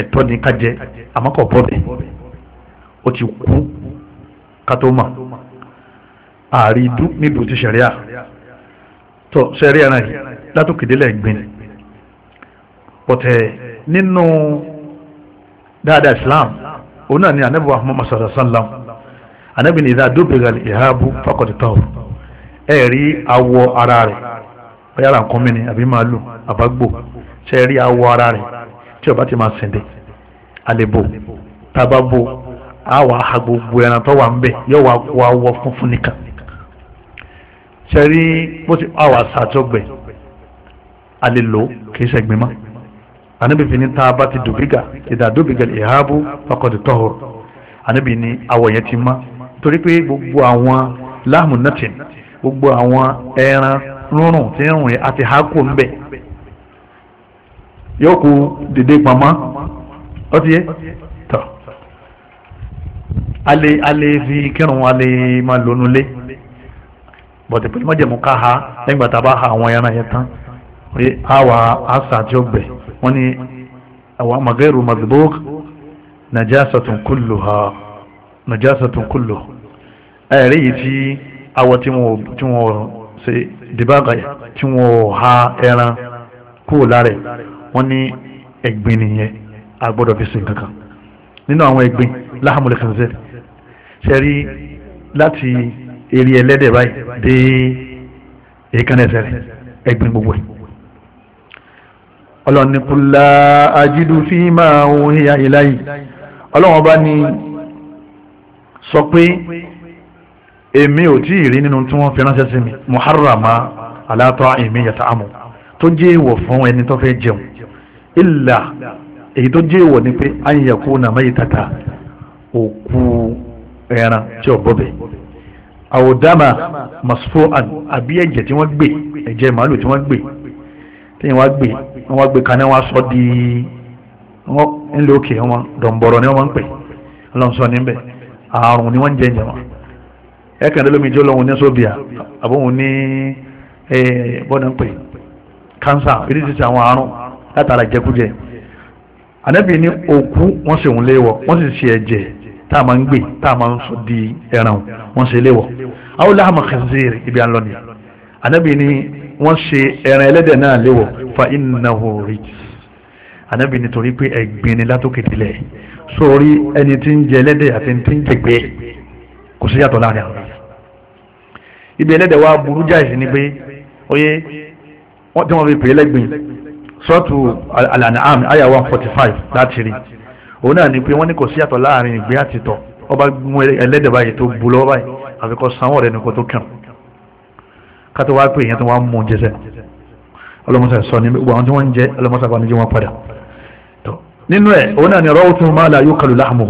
ẹ̀tọ́ ní ká jẹ àmọ́kọ̀ bọ́bẹ̀ ó ti kú katoma àrídú nílùú ti sẹ̀ríà tó sẹ̀ríà náà yìí látòkèdélẹ̀ gbìn pọ̀tẹ́ eh, nínú dáadáa islam òun náà ni anabi wa muhammad sallallahu alaihi wa sallam anabi ni idha e rí awọ ara rẹ̀ bóyá ara nǹkan mi ni àbí àbágbò ṣe awọ ara rẹ̀ tí ọba ti máa sìndé àlebò tábàbò àwọ̀ àhà gbogbo ẹran tó wà ń bẹ̀ yóò wá kó awọ funfun nìkan ṣe rí bó ti awọ àṣà àtọ́gbẹ̀ fi ni tá a bá ti dùbígà ìdá dùbígà ìhábù fakọ̀dù ni awọ yẹn ti torí gbogbo àwọn láàmù gbogbo àwọn ẹran rúnrùn tí ń rìn àti hákò ń bẹ̀ yóò kú dèdè pamọ́ ọtí yẹ tọ́ alẹ́ alẹ́ fi kírun alẹ́ máa lónú lé bọ̀dẹ̀ pẹ̀lú mọ́jẹ̀mú ká ha lẹ́yìn gbàtà bá ha àwọn ẹran yẹn tán àwa àṣà àti ọgbẹ̀ wọ́n ní àwa magẹ́rù mazibok najásàtún kùlù ha najásàtún kùlù ẹ̀rí yìí tí awọ tí wọ́n ṣe dìbàgà tí wọ́n ha ẹran kúrò lára ẹ̀ wọ́n ní ẹ̀gbin nìyẹn a gbọ́dọ̀ fi sin kankan nínú àwọn ẹ̀gbin láhàmúlẹ kànzẹrì sẹrí láti eré ẹlẹ́dẹ̀ báyìí dé èékánná ẹsẹ̀ rẹ̀ ẹ̀gbin gbogbo ẹ̀ ọlọ́run ajídú fi máa ń híya ìláyìí ọlọ́run ọba ní sọ pé èmi ò tí ì rí nínú tí wọ́n fi ránṣẹ́ sí mi muharrama alatọ́ èmi yàtọ̀ àmọ́ tó jẹ́ ìwọ̀ fún ẹni tó fẹ́ jẹun ìlà èyí tó jẹ́ ìwọ̀ ni pé ayẹ̀kú nà mẹ́yì tata òkú ẹran tí ò bọ́bẹ̀ àwòdàmà masfo àbí ẹ̀jẹ̀ tí wọ́n gbé ẹ̀jẹ̀ màálù tí wọ́n gbé tí wọ́n gbé wọ́n gbé kaná wọ́n sọ di wọ́n òkè wọn dọ̀m̀bọ̀rọ̀ ni wọ́n ń pè ọlọ́run níbẹ̀ àrùn ni wọ́n ń jẹ́ ìjẹ̀wọ̀n ẹ̀kàndínlómi jọ lọ́wọ́ ní sobia àbọ̀wọ̀n ní bọ́dà ń pè kánsà oríṣiríṣi àwọn àrùn látara jẹkújẹ ànábì ní òkú wọ́n sì ń léwọ̀ wọ́n sì ṣe ẹ̀jẹ̀ tá a máa ń gbé tá a máa ń sọ di ẹran wọ́n sì léwọ̀ àwọn láhàmà kẹsìrì ibi à ń ànábì ní wọ́n ṣe ẹran ẹlẹ́dẹ̀ náà léwọ̀ fa innahu rijs ànábì nítorí pé ẹ̀gbin ni látòkè tilẹ̀ sórí ẹni tí ń jẹ ẹlẹ́dẹ̀ àti ẹni tí ń jẹgbẹ́ kò sí yàtọ̀ láàrin àwọn ibi ẹlẹ́dẹ̀ wa burú jáì ni pé oye, wọ́n tí wọ́n fi pè é lẹ́gbìn sọ́ọ̀tù Al-An'am àyà 145 láti rí òun náà ni pé wọ́n ní kò sí àtọ̀ láàrin ìgbé àtìtọ̀ ọba mú ẹlẹ́dẹ̀ báyìí tó bu lọ́wọ́ báyìí àfikọ́ sanwó rẹ̀ nìkan tó kàn kátó wá pé ìyẹn tó wá mú jẹsẹ̀ ọlọ́mọsà sọ ní gbogbo àwọn tí wọ́n ń jẹ ọlọ́mọsà bá ní jẹ́ wọn padà nínú ẹ̀ òun náà ni ọ̀rọ̀ òtún máa la yóò kàlù láàmú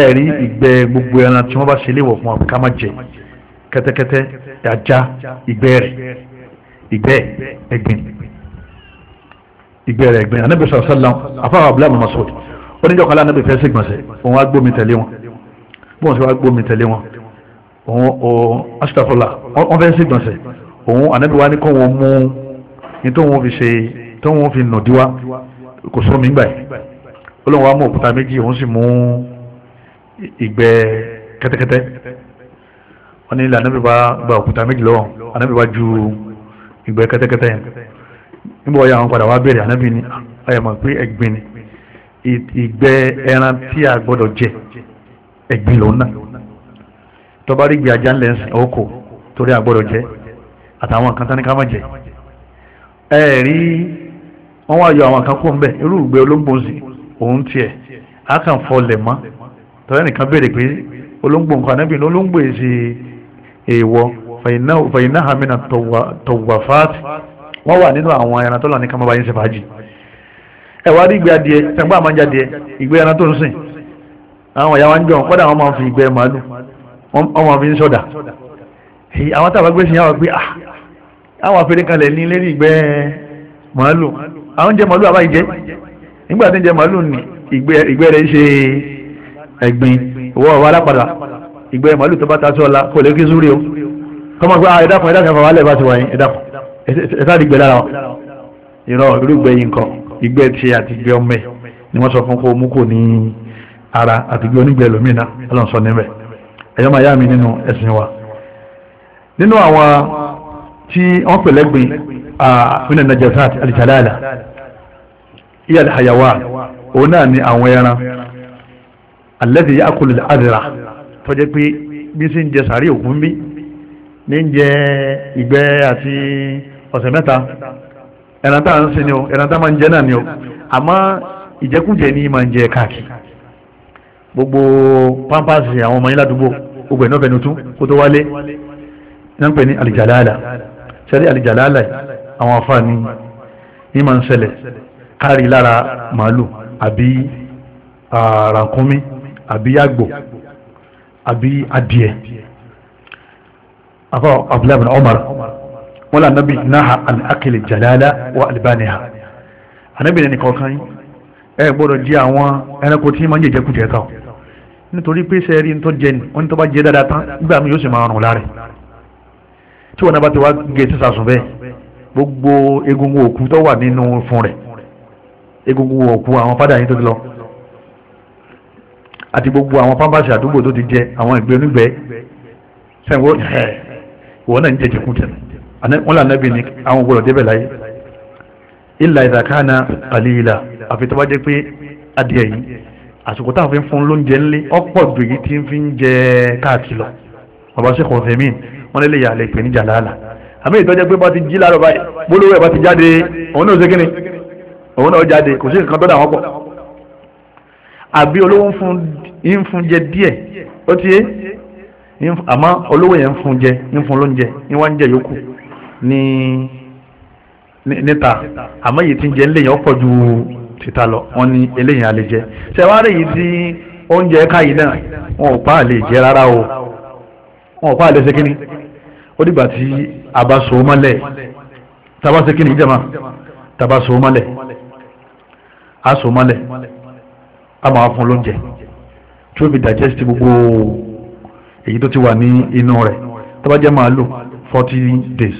ẹ̀rí ìgbẹ́ gbogbo ẹran tí wọ́n bá ṣe léwọ̀ fún wa ká má jẹ kẹ́tẹ́kẹ́tẹ́ ajá ìgbẹ́ rẹ̀ ìgbẹ́ ẹ̀gbìn ìgbẹ́ rẹ̀ ẹ̀gbìn anabi sọ̀rọ̀ sálàm afáwà abúlé àmọ́ sọ̀rọ̀ oníjọ́ kan lánàbì fẹ́ sígbọ̀nsẹ̀ òun wá gbómi tẹ̀lé wọn bí wọ́n sì wá gbómi tẹ̀lé wọn òun asitafula wọ́n fẹ́ sígbọ̀nsẹ̀ òun anabi wa ní kó wọn mú ní tó wọn fi ṣe tó wọn fi nà díwá kò sómi gbà yìí olóhùn wa mú òkúta méjì òun sì mú ìgbẹ́ kẹ́tẹ́kẹ́tẹ́ wọ́n ní ilẹ̀ anábì gba òkúta méjì lọ́wọ́ ju ìgbẹ́ kẹ́tẹ́kẹ́tẹ́ yẹn nígbà padà wá anábì ní pé ni ìgbẹ́ ẹran tí a gbọ́dọ̀ jẹ ẹ̀gbin lòun náà rí gbé ńlẹ̀ ń sìn ọkọ̀ torí a gbọ́dọ̀ jẹ àtàwọn kan tán ní ká má jẹ ẹ̀rí wọ́n wá yọ àwọn kan kó ń ewo fẹ̀yìnà hamina tọ̀wàfáàtì wọ́n wà nínú àwọn ẹran tó lọ ní kàmọ́bà yín ṣe fàájì rí ìgbẹ́ adìẹ tẹ̀gbọ́n àmọ́ jáde ìgbẹ́ ẹran tó ń sìn àwọn ìyá wa ń jọun máa ń fi ìgbẹ́ màálù wọ́n máa fi ń sọ̀dà àwọn táwọn gbé sí yàwó pé àwọn afẹ́rẹ́ kalẹ̀ ní lérí ìgbẹ́ màálù àwọn jẹ màálù jẹ nígbà tí ń jẹ màálù ìgbẹ́ màálù tó bá ta sí ọ̀la kò lè kí súrí o kọ́mọ pé ah, ẹ̀dàkùn ẹ̀dàkùn àwọn alẹ́ bá ti wáyé ẹ̀dàkùn ẹ̀sàdì ìgbẹ́ lára wọn ìrọ̀ irúgbẹ́ yìí ìgbẹ́ ti àti ìgbẹ́ ọmọ ẹ̀ ni wọ́n sọ fún kó mú kò ní ara àti ìgbẹ́ onígbẹ́ lómìnà ọlọ́sọ níbẹ̀ ẹ̀yọ́ máa yá mi nínú ẹ̀sìn wa nínú àwọn tí wọ́n pẹ̀lẹ́gbìn àwọn ẹran alladhi tọ́jẹ́ pé bí sí ń jẹ sàárì òkun bí ní ń jẹ ìgbẹ́ àti ọ̀sẹ̀ mẹ́ta ẹran ń sin ni o ẹran máa ń jẹ náà ni o àmọ́ ìjẹkújẹ ni máa ń jẹ káàkiri gbogbo pampasi àwọn ọmọ yín ládùúgbò gbogbo ẹ̀nà ọ̀bẹ̀nu tún kó tó wálé ní wọ́n pè ní alìjàláàlà sẹ́rí alìjàláàlà àwọn afáàní ní máa ń ṣẹlẹ̀ kárí lára màálù àbí ràkúnmí àbí àgbò àbí adìẹ afọ abdullahi bin umar wọn là nàbí náà alákìlì jalala wa albaniha anábì ní kọ̀ọ̀kan ẹ gbọ́dọ̀ jẹ àwọn ẹranko tí ma ń jẹjẹ kújẹ tán nítorí pé sẹ́ẹ̀rí ń tọ́ jẹ ni wọ́n tó bá jẹ dáadáa tán nígbà mi yóò sì máa rùn lára tí wọn náà bá ti wá gé sísà sùn bẹ́ẹ̀ gbogbo egungun òkú tó wà nínú fún rẹ̀ egungun òkú àwọn fádà yín tó ti lọ àti gbogbo àwọn pampasì àdúgbò tó ti jẹ àwọn ìgbé onígbẹ sẹ́wọ́n ẹ̀ ìwọ náà ń jẹ́ jẹkùn tẹ̀lé wọ́n là nẹ́bí ni àwọn gbọ́dọ̀ débẹ̀ láyé ìlà ìdàkánà àlìlà àfi tó bá jẹ́ pé adìẹ yìí àsìkò táwọn fi ń fún lóúnjẹ ńlé ọ̀pọ̀ ju èyí tí ń fi ń jẹ káàkiri lọ bàbá sèkò fèmín wọn lè lè yà lè pè ní jàlálà àmì ìtọ́jẹ́ pé bá ti jí láàárọ̀ báyìí bólúwẹ̀ bá ti jáde òun náà ó jáde kò sí nǹkan tó dà wọ́n àbí olówó ń fún jẹ díẹ̀ ó ti yé àmọ́ olówó yẹn ń fún jẹ ń fún lóúnjẹ ń wá ń jẹ yòókù ní níta àmọ́ èyí tí ń jẹ ńlẹ̀ yẹn ju títa lọ wọ́n ní eléyìí a lè jẹ ṣẹ̀wárí yìí tí oúnjẹ káyìí náà wọn ò pa àlè jẹ rárá o wọn ò pa àlè ṣe kíni ó dìgbà tí a bá so mọ́lẹ̀ tá a bá ṣe kíni ìjàmá tá a so mọ́lẹ̀ a a máa fún lóúnjẹ tí ó fi digest gbogbo èyí tó ti wà ní inú rẹ̀ tó bá jẹ́ màálù forty days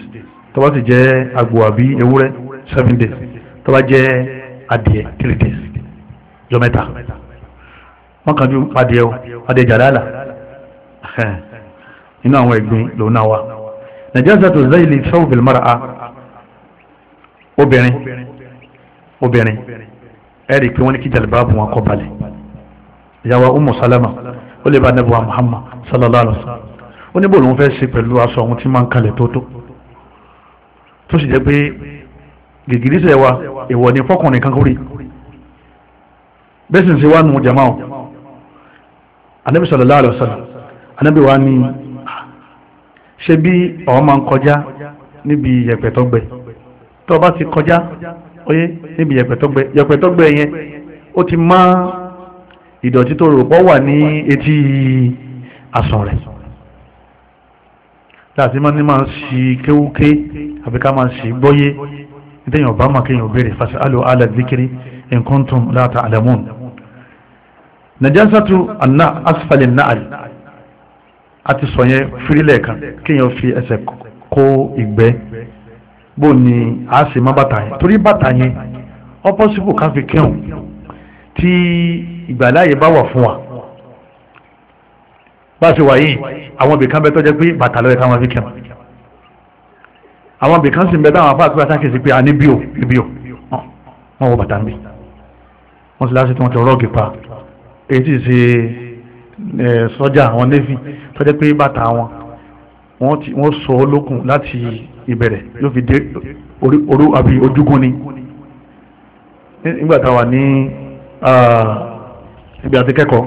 tó bá sì jẹ́ àgbò àbí ewúrẹ́ seven days tó bá jẹ́ adìẹ three days jọ mẹ́ta wọ́n kàn ju adìẹ o adìẹ jàlálà inú àwọn ẹ̀gbin lòun náà wà najasatu zayli sawbil mar'a obìnrin obìnrin ẹ̀rí pé wọ́n ní kí jàlùbáàbù wọn kọ́ balẹ̀ ìyàwó Ummu Salama ó lè bá nẹ́bùwà Muhammad sallallahu alayhi wa sallam ó ní bóòlù wọn fẹ́ ṣe pẹ̀lú aṣọ àwọn tí máa ń kalẹ̀ tó tó tó sì jẹ́ pé gègìrísẹ̀ wa ìwọ̀ ni fọkùnrin kan kórè bẹ́ẹ̀ sì ń ṣe jama o anabi sallallahu alayhi wa sallam anabi wa ni ṣe bí àwọn máa ń kọjá níbi yẹ̀pẹ̀ tó gbẹ bá ti kọjá Oye, níbi yẹpẹtọgbẹ yẹpẹtọgbẹ yẹn ó ti má ìdọ̀tí tó rò pọ̀ wà ní etí asàn rẹ̀ láti má ní máa ń ṣi kéwúké àbí ká máa ṣi gbọ́yé nítorí ọba máa kéèyàn béèrè fasalu ala dhikri in kuntum la ta'lamun najasatu anna asfali na'al a ti sọ yẹn fírílẹ̀ kan kéèyàn fi ẹsẹ̀ kó ìgbẹ́ bó ni a sì má bàtà yẹn torí bàtà yẹn ọpọsibù kan fi kẹhùn tí ìgbàláyè bá wà fún wa bá a ṣe wà yìí àwọn ibìkan bẹ tó jẹ́ pé bàtà lọ́yẹ káwọn fi kẹhùn àwọn ibìkan sì ń bẹ táwọn afáàkì bá sákèsí pé a ní bíò bíò wọn wọ bàtà ń wọn ti láti tí wọn ti rọọgì pa èyí tí ṣe sọ́jà àwọn navy tó pé bàtà wọn wọn so olókùn láti ìbẹ̀rẹ̀ ló fi dé orú àbí ni a wà ní ibi àti kẹ́kọ̀ọ́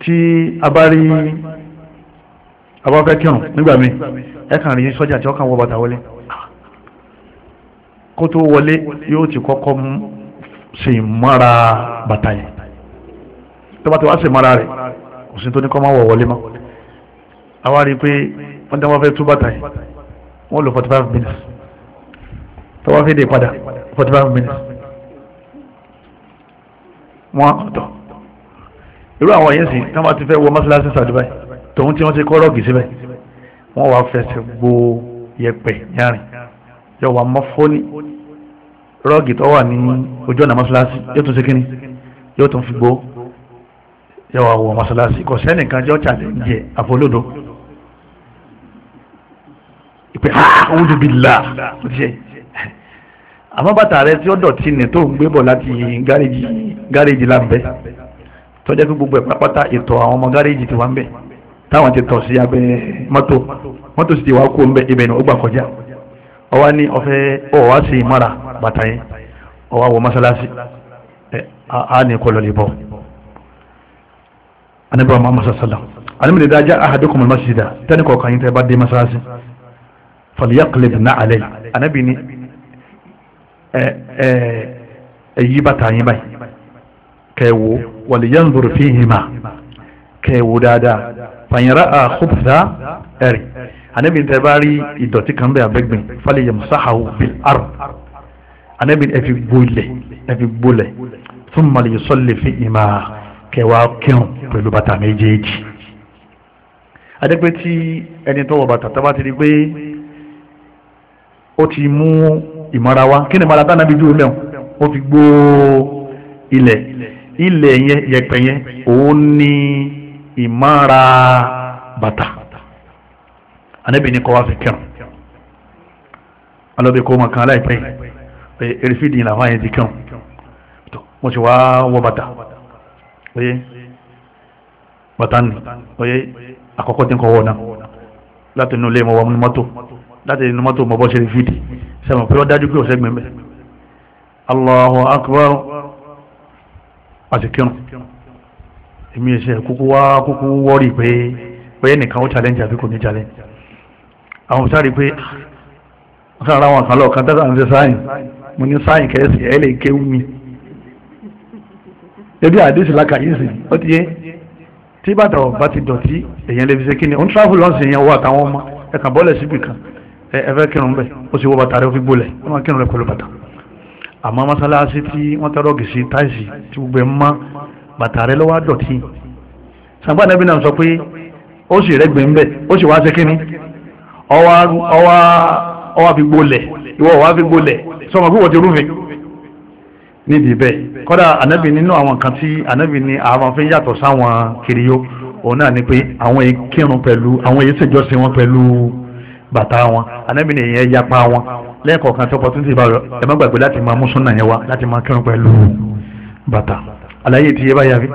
tí a bá rí abáfẹ́ kírun nígbà míì ẹ kàn rí sọ́jà tí ó kàn wọ bàtà wọlé kó tó wọlé yóò ti kọ́kọ́ sì mọ́ra bàtà yẹn tó bá ti wá sì mọ́ra rẹ̀ kò sí tó ní kọ́ máa wọ̀ wọlé mọ́ àwa rí wọ́n lò forty five minutes tọ́wọ́ fi dé padà forty five minutes wọ́n ọ̀tọ̀ irú àwọn yẹn sì tí wọ́n ti fẹ́ wọ mọ́ṣáláṣí sàdúbà tòun tí wọ́n ti kọ́ rọ́ọ̀gì síbẹ̀ wọ́n wàá fẹsẹ̀ gbó yẹpẹ̀ yarin yọ wà mọ́ fóní rọ́ọ̀gì tó wà ní ojú ọ̀nà mọ́ṣáláṣí yóò tún ṣe kínní yóò tún fi gbó yọ wà wọ mọ́ṣáláṣí kò sẹ́nìkan jọ́ tàlẹ́ ń jẹ àfọlódò ìpè ha a'udhu billah ó ti ṣe àmọ́ bàtà rẹ tí ó dọ̀tí ni tó ń gbé bọ̀ láti gáréjì gáréjì lábẹ́ tọ́jà pé gbogbo ẹ̀ pátá ìtọ̀ àwọn ọmọ gáréjì ti wá ń bẹ̀ táwọn ti tọ̀ sí abẹ́ mọ́tò mọ́tò sì ti wá kó ń bẹ̀ ibẹ̀ ni ó kọjá ọwá ní ọfẹ́ ọwá sí ìmára bàtà yẹn ọwá wọ mọ́sálásí a ní kọlọ lè bọ̀ anábẹ́ ọmọ mọ́sálásí alámìlẹ̀ dájá ahadukum al-masjida mọ́sálásí fọlíyàkùlẹ̀ ní alẹ́ yìí anábì ní ẹ̀yí bàtà yín báyìí kẹwò wàlíyàn lórí fi hìn mà kẹwò dáadáa fàyẹ̀rẹ̀ àkóbùsà ẹ̀rì anábì ní tẹ́lẹ̀ bá rí ìdọ̀tí kan bẹ́ẹ̀ abẹ́gbìn fàlẹ̀ yẹn musahawu bil ar anábì ní ẹ̀fi gbólẹ̀ ẹ̀fi gbólẹ̀ fún màlẹ̀ yìí sọ́lẹ̀ fi pẹ̀lú bàtà méjèèjì adẹ́gbẹ́ ẹni tó wọ bàtà tábà ti pé ó ti mú ìmọ̀ra wá kí ni ìmọ̀ra tá nàbí dúró lẹ́hùn ó fi gbó ilẹ̀ ilẹ̀ yẹn yẹpẹ̀ yẹn òun ni ìmọ̀ra bàtà ànábì ní kọ́ wá fi kẹrùn alọ́bẹ̀ kó ma kan aláìpẹ́ erifidi ni àwọn yẹn ti kẹrùn mo sì wá wọ bàtà oye bàtà ni oye àkọ́kọ́ tí kọ́ wọ̀ náà láti inú ilé ìmọ̀wọ́ mọ́tò láti inú mọ́tò mọ́ bọ́ ṣe fídì sẹ́mọ̀ pé ó dájú pé ọ̀sẹ́gbẹ̀ mẹ́ Allahu akbar àti kírun èmi ẹ̀ṣẹ̀ kúkú wá kúkú wọ́rì pé pé nìkan ó challenge àbí kò ní challenge àwọn sáré pé ah, ọ̀sán ara wọn kan lọ́ọ̀kan tẹ́sán ń ṣe sáyìn mo ní sáyìn kẹ́sì ẹ̀ lè kéwú mi ebi àdéṣe lákàyè sí ó ti yé tí bàtà ọ̀bá ti dọ̀tí èèyàn lè fi ṣe kí ni ó ń travel lọ́sìn èèyàn wọ àtàwọn ọmọ ẹ̀kàn bọ́ọ̀lẹ̀ síbì kan ẹfẹ́ kírun bẹ́ẹ̀ ó sì wọ bàtà rẹ̀ ó fi gbólẹ̀ ó máa kírun rẹ̀ pẹ̀lú bàtà àmọ́ mọ́sálásí tí wọ́n tẹ́rọ gèsè táìsì tí gbogbo ẹ̀ mọ́ bàtà rẹ̀ lọ́wọ́ dọ̀tí sàgbà nẹ́bí náà sọ pé ó sì rẹ́gbẹ̀ ń bẹ̀ ó sì wá ṣe kíní ọwá fi gbólẹ̀ ìwọ ọwá fi gbólẹ̀ sọmọ pé wọ́n ti rúfin nídìí bẹ́ẹ̀ kọ́dà nínú àwọn nǹkan tí ànábì ni àwọn fi yàtọ̀ sáwọn kiriyó òun náà ni pé àwọn èé kírun pẹ̀lú àwọn èé ṣèjọ́sìn wọn pẹ̀lú bàtà wọn anábì ni ìyẹn yapa wọn lẹ́ẹ̀kọ̀ọ̀kan tí opportunity bá rọ ẹ má gbàgbé láti máa mú súnà yẹn wá láti máa kírun pẹ̀lú bàtà àlàyé ti yé báyà rí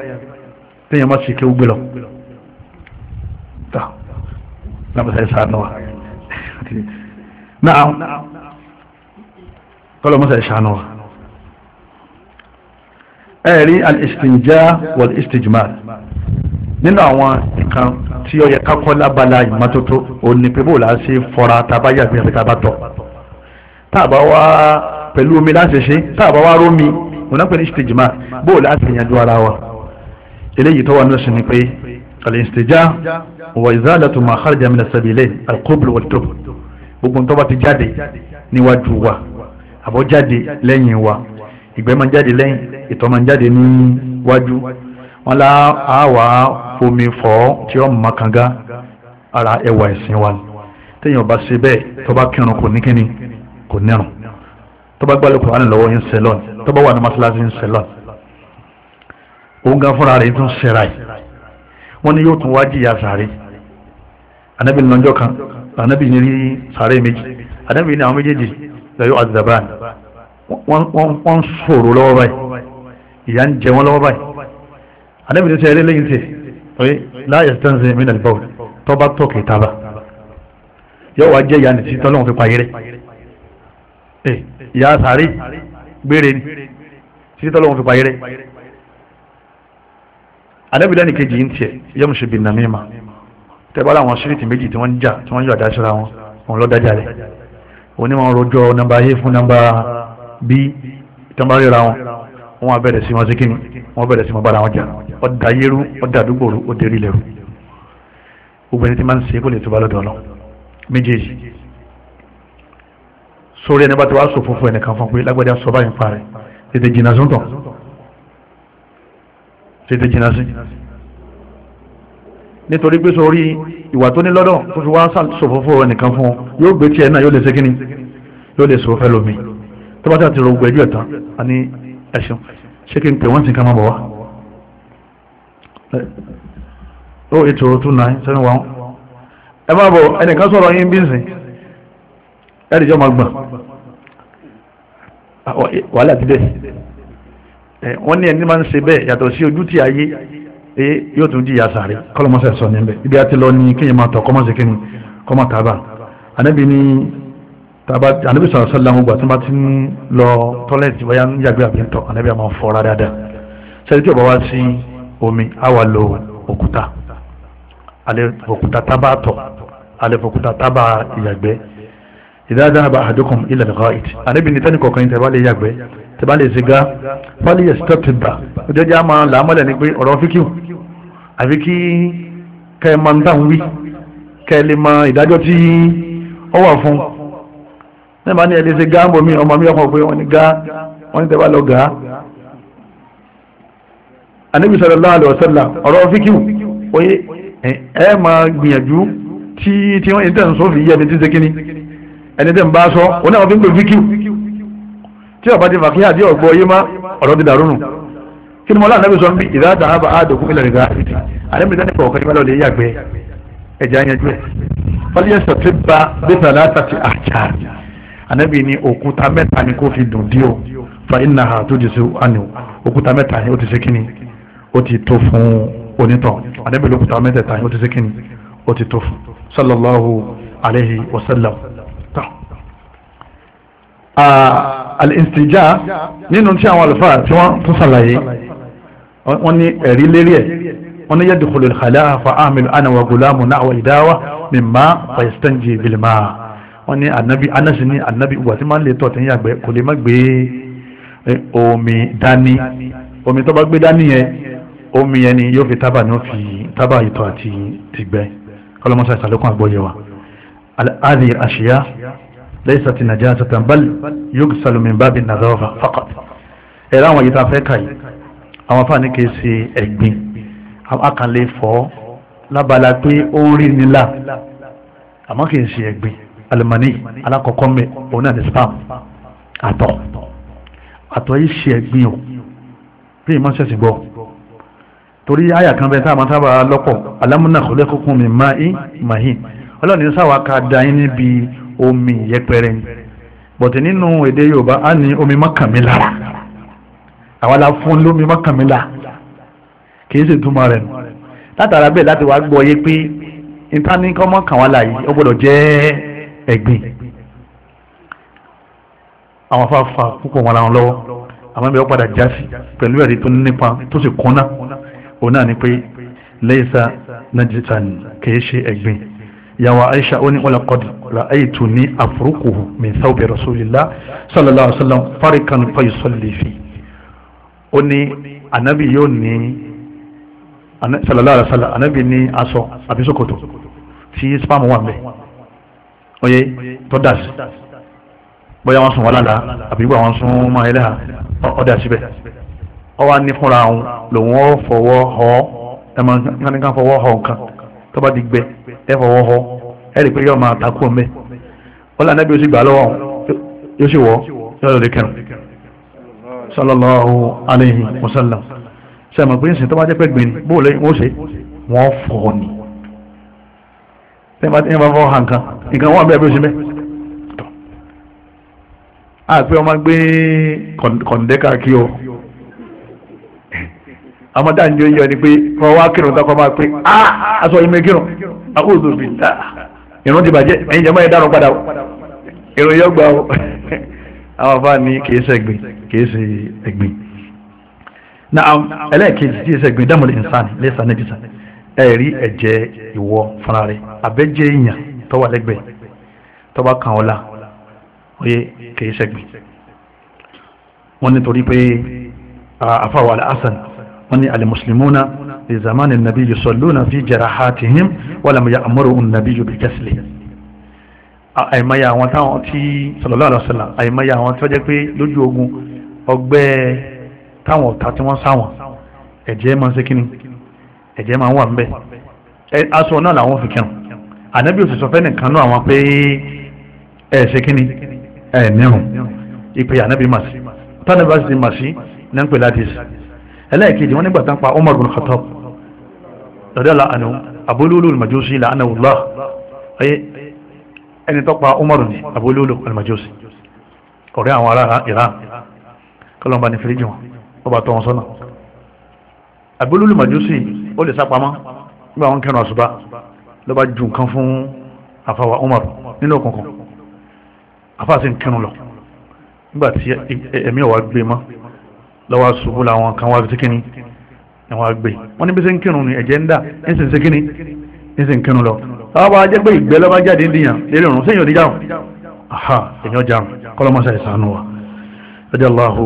téèyàn má sì kéwú gbé lọ tá lábàtà ẹ̀sà àná wa náà kọ́lọ̀ mọ́sà ẹ̀sà àná wa ẹ̀rí al-istinja wal-istijmal nínú àwọn nǹkan tí ó yẹ kákọ́ lábala ìmọ́tótó òní pé bóòlà ṣe fọra tabáyà bí àti tabatọ̀ táàbà wá pẹ̀lú omi láti ṣe táàbà wá rómi òun pẹ̀lú ìṣèjìmá bóòlà ṣe yanjú ara wa eléyìí tó wà ní oṣù ni pé alìsìtìjá wà ìzálàtò máa kárìjà mi lẹ́sàbílẹ̀ alkóbùlù wọ̀tò gbogbo tó bá ti jáde níwájú wa àbọ̀ jáde lẹ́yìn wa ìgbẹ́ máa jáde lẹ́yìn ìtọ̀ máa jáde níwájú wọn a àwà fomi fọ́ tí ó mọ kanga ara ẹwà ẹ̀sìn wa ni téèyàn bá ṣe bẹ́ẹ̀ tó bá kírun kò ní kíni kò nírun tó bá gbàlù kùránì lọ́wọ́ yín sẹlọ́n tó bá wà ní masalasi yín sẹlọ́n òun gan fúnra rẹ̀ tún ṣẹra yìí wọ́n ní yóò tún wá jìyà sàárè anabi lọ́jọ́ kan anabi ní rí sàárè méjì anabi ní àwọn méjèèjì lọ́yọ́ àdìdàbà wọ́n ń sòrò lọ́wọ́ báyìí ìyà ń jẹ wọ́n lọ́wọ́ báyìí ànábì ti sẹ eré lẹ́yìn tiẹ̀ oye láyé stanzi mina lè bọ́ọ̀lù tọ́ba tó kì í taba yóò wá jẹ́ ìyá nìtí tọ́lọ́hún fi payé rẹ̀ ẹ eh, ìyá sàárì gbére ni títí tọ́lọ́hún fi payé rẹ̀ ànábì lẹ́nu kejì ń tiẹ̀ yẹ́mu ṣe bìnnà mímà tẹ́bá làwọn síríìtì méjì tí wọ́n ń tí wọ́n ń yọ̀ àdáṣẹ́ra wọn òun lọ́ dájà rẹ̀ onímọ̀ rojọ́ nàmbà a fún nàmbà b tí wọ́n bá ríra wọn wọ́n bẹ̀rẹ̀ sí wọn sí kíni wọ́n bẹ̀rẹ̀ sí wọn bára wọn jà ọ̀dà yẹ́rú ọ̀dà àdúgbò rú ó dérí lẹ́rú gbogbo ẹni tí máa ń ṣe kó lè tó bá lọ́dọ̀ ọ̀nà méjèèjì sórí ẹni bá ti wá sọ fún fún ẹnìkan fún pé lágbàdá sọ báyìí ń parẹ́ tètè jìnnà sí ń tàn tètè jìnnà sí nítorí pé sórí ìwà tó ní lọ́dọ̀ tó fi wá sọ fún fún ẹnìkan fún yóò gbé tiẹ̀ náà yóò lè ṣe yóò lè sọ fẹ́ lómi tó bá ti àti rògbò ẹ̀ tán àní ẹ̀ṣùn ṣé kí n pè wọ́n sì ká máa bọ̀ wá ó ètò oh, oh two nine seven one ẹ máa bọ̀ ẹnìkan sọ̀rọ̀ yín bí nsìn ẹ̀rì jọ́ máa gbà ah, wàhálà ti bẹ́ẹ̀ wọ́n ní ẹni máa ń ṣe bẹ́ẹ̀ yàtọ̀ sí ojú tí ayé yóò tún jí ìyá sàárẹ̀ kọ́lọ́mọsẹ̀ sọ níbẹ̀ ibi àti lọ ní kéèyàn máa tọ̀ kọ́mọ̀sẹ̀ kéèyàn kọ́mọ̀ tábà ànábì ní anabi sọ̀rọ̀ sọ́lá ń gbà tí wọ́n ti ń lọ tọ́lẹ̀tì bóyá ń yàgbé àbí ń tọ̀ anabi àmọ́ fọ́ra dáadáa sẹ́ni tí ọba wá sí omi á wà lo òkúta alẹ́ òkúta tábà tọ̀ alẹ́ òkúta tábà ìyàgbẹ́ ìdáadáa àbá àdókùn ilẹ̀ nìkan it anabi ní tẹ́nìkọ̀ kan tẹ̀bá lè yàgbẹ́ tẹ̀bá lè ṣe gá fálí yẹ stọ́ọ̀tì bá ọjọ́ jẹ́ àmọ́ làámọ́lẹ̀ ni pé ọ̀rọ̀ fíkì àfi kí kẹ́ máa ń dáhùn wí kẹ́ lè mọ ìdájọ́ tí ó fún un ní ma ní ẹ̀lẹ́ sí gá ń bò mí ọmọ mi ọkọ̀ pé wọ́n ni gá wọ́n ni tẹ́bá lọ gá anábì sallallahu alaihi wasallam ọ̀rọ̀ fíkíù oye ẹ ma gbìyànjú tí wọ́n ìtẹ́ sọ fi yí ẹni tí ṣe ẹni tẹ́ bá sọ wọn náà fi ń pè fíkíù tí ọba ti fà kí àdí ọ̀gbọ́ yé má ọ̀rọ̀ ti dàrú nù kí ni mo láàrín sọ bí ìdá àtàwọn bá a dòkú ilẹ̀ nìkan àti àdébìrì tẹ́lẹ̀ pọ̀ ọ̀kan ìbálò lè yàgbẹ́ ẹ̀jẹ̀ àyànjú ẹ̀ fọlíyẹsọ̀ ti ba bí sàlá anabi ni òkúta mẹ́ta ni kò fi dùn dí o fa iná ha tó jẹsẹ àná òkúta mẹ́ta ni ó ti ṣe kíni ó ti tó fún onítọ̀ anabi lókúta mẹ́tẹ̀ẹ̀ta ni ó ti ṣe kíni ó ti tó fún sallallahu alayhi wa sallam tán. Ah, al-istijaa nínú tí àwọn àlùfáà tí wọ́n tún ṣàlàyé wọ́n ní ẹ̀rí lérí ẹ̀ wọ́n ní yadkhulul khalaa fa amilu ana wa gulamu na'wa idawa mimma fa yastanji bil wọ́n ní ànábì anásì ní ànábì ìgbà tí máa ń lè tọ̀ tí ń yàgbẹ́ kò lè má gbé omi dání omi tó bá gbé dání yẹn omi yẹn ni yóò fi tábà ní ó fi tábà ìtọ̀ àti tìgbẹ́ kọ́lọ́mọ́sá ìsàlẹ̀kùn àgbọ̀yẹ̀ wa هذه الأشياء ليست نجاسة بل يغسل من باب النظافة فقط ẹ̀rọ àwọn yìí tá a fẹ́ kà yìí àwọn afáàní kì í ṣe ẹ̀gbin akànlè fọ́ lábala pé ó rí nílà àmọ́ kì í ṣe ẹ̀gbin alimani alakọkọ mbẹ òun náà ní spam àtọ̀ àtọ̀ yìí ṣe ẹ̀gbin o bí ìmọ̀ ṣẹ̀ṣì gbọ́ torí àyà kan bẹ tá a máa sábà lọ́pọ̀ alámúnà kọ́lẹ́ kúkú mi máa ń màhín ọlọ́run ní sáwà ká da yín níbi omi yẹpẹrẹ ni bọ̀tẹ̀ nínú èdè yorùbá á ní omi mọ́kànmílà àwa la fún lómi mọ́kànmílà kì í ṣètúmọ̀ rẹ̀ nù látara bẹ́ẹ̀ láti wá gbọ́ yé pé ìtàníkọ́mọ́kànwá là yìí ó gbọ́dọ̀ jẹ́ ẹ̀gbìn àwọn afáfà púpọ̀ wọn làwọn lọ́wọ́ àwọn ìbẹ̀wò padà já sí pẹ̀lú ẹ̀rí tó nípa tó sì kọ́nà òun náà ni pé lẹ́yìnsá najisan kìí ṣe ẹ̀gbìn ìyàwó Aisha ó ní wọlé kọ́dì ra'aytu ní afruquhu min thawbi rasulillah sallallahu alaihi wasallam farikan fayusalli fi ó ní anabi yóò ní sallallahu alaihi wasallam anabi ní aṣọ àbí tí spam wà mẹ́ẹ̀ oye tó dà sí bóyá wọ́n sùn wọ́n lálàá àbí bóyá wọ́n sùn máa ẹlẹ́hà ọ̀dà síbẹ̀ ọ wá ní fúnra òun lòun ó fọwọ́ họ ẹ máa ń ká fọwọ́ họ nǹkan tó bá ti gbẹ ẹ fọwọ́ họ ẹ rí i pé yóò máa takú ọmọ ẹ wọ́n lànà bí o sì gbà lọ́wọ́ yóò sì wọ́ yóò lọ́ọ́ lè kẹrùn sallallahu alayhi wa sallam sẹ́mi pé ń tó bá jẹ́ pẹ́ gbìn bóòlù wọ́n ṣe wọ́n fọ̀ ni tẹ́lẹ̀ tí wọ́n fọ́ hàn kan nǹkan wọ́n bẹ́ẹ̀ bí ó ṣe bẹ́ẹ̀. a pé ọmọ gbé kọ̀ǹdẹ́kà kí o amọ́dá ń jẹ́ yíyọ ni pé kọ́ wá kírun tó kọ́ máa pé a aṣọ ìmọ̀ kírun àkóso fi ta ìrún ti bàjẹ́ ẹ̀yin jẹ́ mọ́ ẹ̀ dárun padà o èrò yọ gbà o àwọn afá ni kìí ṣe ẹ̀gbìn kìí ṣe ẹ̀gbìn na ẹlẹ́ẹ̀kejì kìí ṣe ẹ̀gbìn dámọ̀lẹ̀ ìsàn lẹ́sàn níbi ẹ̀rí ẹ̀jẹ̀ ìwọ fúnra rẹ̀ abẹ́jẹ́ èèyàn tó wà lẹ́gbẹ̀ẹ́ tó bá kàn ọ́ la oyè kìí sẹ́gbìn wọ́n ní torí pé àfàwọ̀ alhassan wọ́n ní alimuslimuna lè zamani nabi yusalluna fi jarahatihim wàlámù ya amúrò nabi yóò bí kẹsìlẹ̀ àìmọye àwọn táwọn tí sallallahu alaihi wasallam àìmọye àwọn tí wọ́n jẹ́ pé lójú ogun ọgbẹ́ táwọn ọ̀tá tí wọ́n sáwọn ẹ̀jẹ̀ máa ń ṣe kínní ẹ̀jẹ̀ máa ń wà nbẹ aṣọ náà làwọn fi kírun ànábì òsì sọfẹ́ nìkan náà àwọn pé ẹ ṣe kíni ẹ nírun ìpè ànábì mà sí tánàbì àti mà sí ní ń pè ládìs ẹlẹ́ẹ̀kejì wọn nígbà tán pa Umar bin Khattab lọ́dọ̀ọ́lá àná abúlúlù al-Majusi làánà wùlá ẹni tó pa Umar ní abúlúlù al ọ̀rẹ́ àwọn ará Iran kọ́lọ́mbà ní fìríjì wọn ọba tó wọn sọ́nà àgbélúlù majusi, ó lè sápamọ́ nígbà wọn kẹrin àṣùbá ló bá ju nǹkan fún àfàwà Umar nínú òkùnkùn àfàṣì ń kẹrin lọ nígbà tí ẹ̀mí ọ̀wá gbé mọ́ lọ́wọ́ ṣubú làwọn kan wá sí kíni ẹ̀wọ̀n àgbè wọ́n ní bí sẹ́ ń kírun ní ẹ̀jẹ̀ ń dà ń sì ń ṣe kíni ń sì ń lọ àwọn bá pé ìgbẹ́ lọ́ba jáde ń dìyàn lérí ọ̀run sẹ́yìn òní jáwọ̀ aha èèyàn jáwọ̀ kọ́lọ́mọṣẹ́ ìsànú wa radiyallahu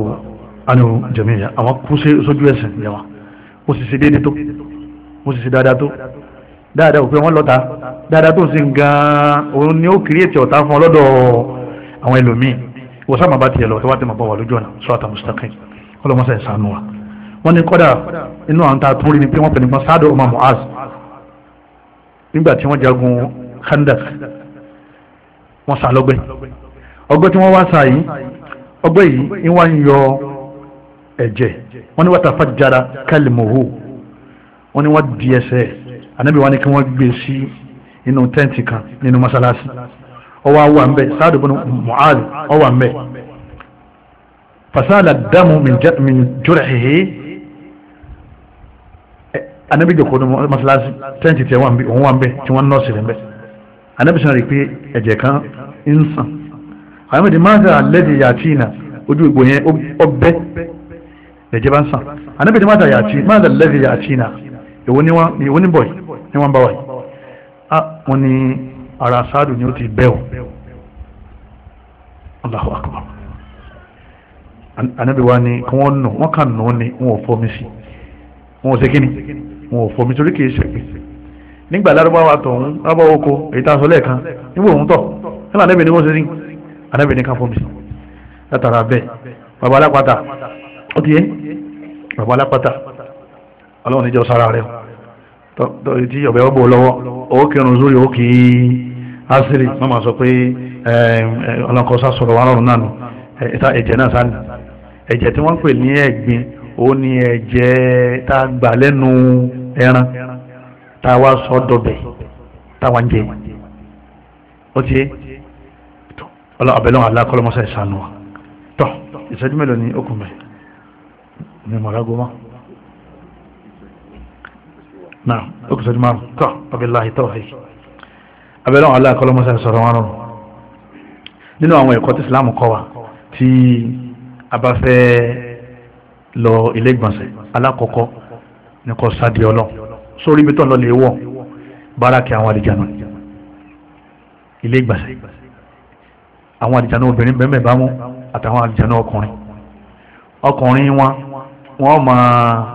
anhu jamiya àwọn kú sí sójú ẹ̀sìn yẹn mo sì ṣe déédéé tó mo sì ṣe dáadáa tó dáadáa òpin wọn lọ́ta dáadáa tó ń sin gan-an òun ni ó kírètì ọ̀tá fún ọ lọ́dọ̀ àwọn ẹlòmíì wọ́n sábà bá tiẹ̀ lọ ẹ wá tẹ̀ máa bá wà lójú ọ̀nà sọ́ọ̀tà mustaqim ọlọ́mọṣẹ́ ìsànú wa wọ́n ní kọ́dà inú àwọn tá a tún rí ni pé wọ́n pẹ̀lú nípa sáádọ̀ ọmọ muaz nígbà tí wọ́n jagun khandak wọ́n sá lọ́gbẹ́ ọgbẹ́ tí wọ́n wá sá yìí ọgbẹ́ yìí ń wá ń yọ ẹ̀jẹ̀ wọ́n ní wọ́n tafajjara kalimuhu wọ́n ní wọ́n di ẹsẹ̀ anabi wọ́n ní kí wọ́n gbé sí inú tẹ́ǹtì kan nínú masalasi ọwọ́ awa mbẹ sáàdù bọ́nu mu'ad ọwọ́ mbẹ fasala damu min jurhihi anabi jẹ́ kódù masalasi tẹ́ǹtì tẹ́ wọ́n wà mbẹ tí wọ́n nọ́ọ̀sì rẹ̀ mbẹ anabi sọ̀rọ̀ rí pé ẹ̀jẹ̀ kan ń sàn àwọn èdè máa ń sà lẹ́dí ojú ìgbò yẹn ọbẹ̀ lẹ́jẹ̀ bá ń sàn ànábì ní mádà yàtí mádà lẹ́fì yàtí nà ìwọ ní bọ̀ yìí ní wọ́n bá wà yìí wọ́n ní ara sáàdù ni ó ti bẹ́ ò Allahu akbar ànábì wa ni kí wọ́n nù wọ́n kà nù ni wọ́n ò fọmi sí wọ́n ò ṣe ṣe pé nígbà lárúbáwá tọ̀hún lábáwó ko èyí tá sọ lẹ́ẹ̀kan nígbà òun tọ̀ nígbà ànábì ni wọ́n ṣe rí ànábì ni ká fọmi látara bẹ́ẹ̀ bàbá alápàtà ó ti yẹ bàbá alápàtà a níjọ sára rẹ̀ tọ́jú tí ọ̀bẹ ọgbọ̀ lọ́wọ́ ó kírun zúrí ó kì í ásírì wọ́n máa sọ pé ọlọ́kọ sá sọ̀rọ̀ wọn lọ́rùn náà nù ẹ̀jẹ̀ náà sáà nì ẹ̀jẹ̀ tí wọ́n pè ní ẹ̀gbin ó ní ẹ̀jẹ̀ tá a gbà lẹ́nu ẹran tá a wá sọ dọ̀bẹ̀ tá a wá ń jẹ ó ti ọlọ́ ọ̀bẹ̀ lọ́wọ́ alákọ́lọ́mọṣẹ́ ìsànù wa tọ́ ìṣẹ́jú mélòó ni ó kù mẹ́rin. Ni mọ̀lágọ́má Na ó kìí sọ́jú máa tọ́ ọbẹ̀láhì tọ́wàí abẹ́lẹ́ Allah kọlọ́mọ́sá sọ̀rọ̀ wọn rọrùn nínú àwọn ẹ̀kọ́ tí Islam kọ́ wa tí a bá fẹ́ lọ ilé ìgbọ̀nsẹ̀ alákọ̀ọ́kọ́ ní kò sáà di ọlọ́ sórí ibi tó ń lọ lè wọ̀ báràkì àwọn àlìjànà ilé ìgbọ̀nsẹ̀ àwọn àlìjànà obìnrin bẹ́ẹ̀ bá mú àtàwọn àlìjànà wọ́n máa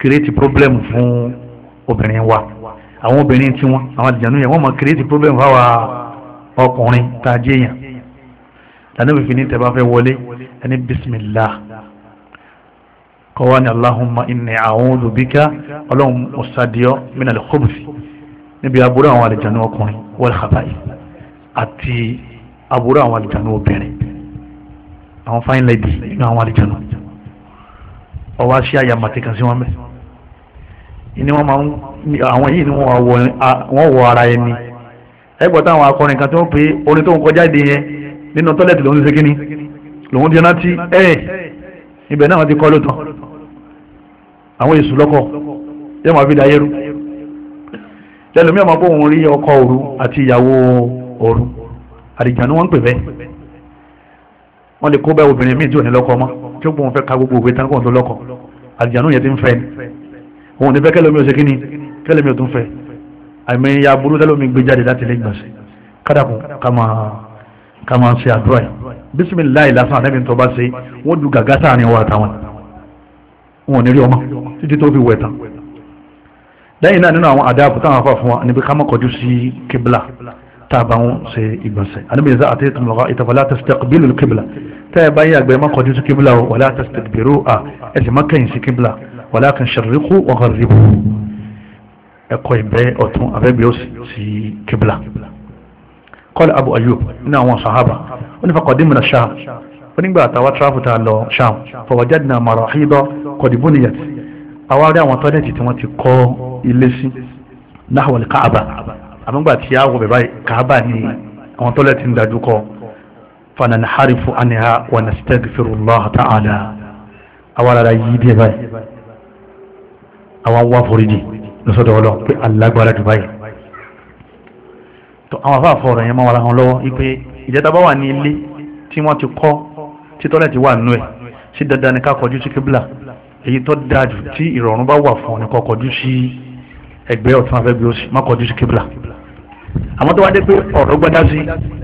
kírètì problem fún obìnrin wa àwọn obìnrin tí wọ́n àwọn àdìjànú yẹn wọ́n máa kírètì problem fáwa ọkùnrin tá a jẹ́ yàn lànà òfin ní tẹ́bá fẹ́ wọlé ẹni bisimilá kọ́wá ni aláhùnmá ìní àwọn olùbíkà ọlọ́run ọ̀sádìọ́ mìíràn kọ́bùsì níbi aburú àwọn àdìjànú ọkùnrin wọ́n xabáyé àti aburú àwọn àdìjànú obìnrin àwọn fine lady nínú àwọn àdìjànú ọwọ́ aṣí àyà màtìkà sí wọn bẹ́ẹ̀ ni wọ́n máa ń àwọn yìí ni wọ́n wọ ara ẹni ẹgbọ́n táwọn akọrin kan tí wọ́n pe orin tó ń kọjá ìdí yẹn nínú tọ́lẹ̀tì lòún ṣe kíní lòún jẹ́ náà ti ẹ̀ ibẹ̀ náà ti kọ́ ló tán àwọn èṣù lọ́kọ̀ yẹ́ máa fi da yẹ́rú lẹ́lòmí ọmọ bóun rí ọkọ òru àti ìyàwó òru àdìjànú wọn ń pè bẹ́ẹ̀ wọ́n lè kó bẹ́ẹ̀ obìnrin míì tí ò ní lọ́kọ mọ́ tí ó gbọ́n fẹ́ ka gbogbo òwe tán kóhun tó lọ́kọ àlìjánu yẹn ti ń fẹ́ òun ní fẹ́ kẹlẹ́mi ò ṣe kíni kẹlẹ́mi ò tún fẹ́ àmì ya burú tẹ́lómi gbé jáde láti ilé ìgbọ̀nsẹ̀ kádàkùn ká máa ṣe àdúrà yìí bísímìláì lásán àdẹ́bí tó bá ṣe wọ́n ju gàgá sáàrin wa àtàwọn wọn ní rí ọmọ títí tó fi wẹ̀ tán lẹ́yìn náà nínú àwọn àdáàbò táwọn afáfún wa níbi ká mọ́ sí kíbla tábà ń ṣe ìgbọ̀nsẹ̀ ànábì ìzá àti ìtumọ̀ lọ́wọ́ ìtàfà la tastaqbilu kíbla tẹ́ ẹ báyìí àgbẹ̀ máa kọjú sí kíbla o wala tastadbiru à ẹ sì má kẹ́yìn sí kíbla walakin sharriqu wa gharribu ẹ kọ ìbẹ́ ọ̀tún abẹ́gbẹ́ ó sì kíbla. qala abu ayub ní àwọn sahaba ó ní faqadimna sham ó nígbà àtàwọn tráfù tá a lọ sham fawajadna marahida qad buniyat àwárí àwọn tọ́lẹ̀tì tí wọ́n ti kọ́ ilé sí nahwa al àmọ́gbà tí a wọ bẹ̀rẹ̀ kàábà ni àwọn tọ́lẹ̀ ti ń dájú kọ fanan harifu aniha wa nastaghfirullah ta'ala àwọn ará yìí dé báyìí àwọn wá foríjì lọ́sọ̀dọ̀ ọlọ́ pé alágbára jù báyìí tó àwọn afá àfọ̀rọ̀ yẹn máa wà láwọn lọ́wọ́ wípé ìjẹta bá wà ní ilé tí wọ́n ti kọ́ tí tọ́lẹ̀ ti wà nú ẹ̀ sí dandan ni ká kọjú sí kíbla èyí tó dáa jù tí ìrọ̀rùn bá wà fún ọ ní kọjú sí ẹgbẹ́ ọ̀tún afẹ́gbẹ́ òsì má kọjú sí kíbla àwọn tó wá dé pé ọ̀rọ̀ gbadá sí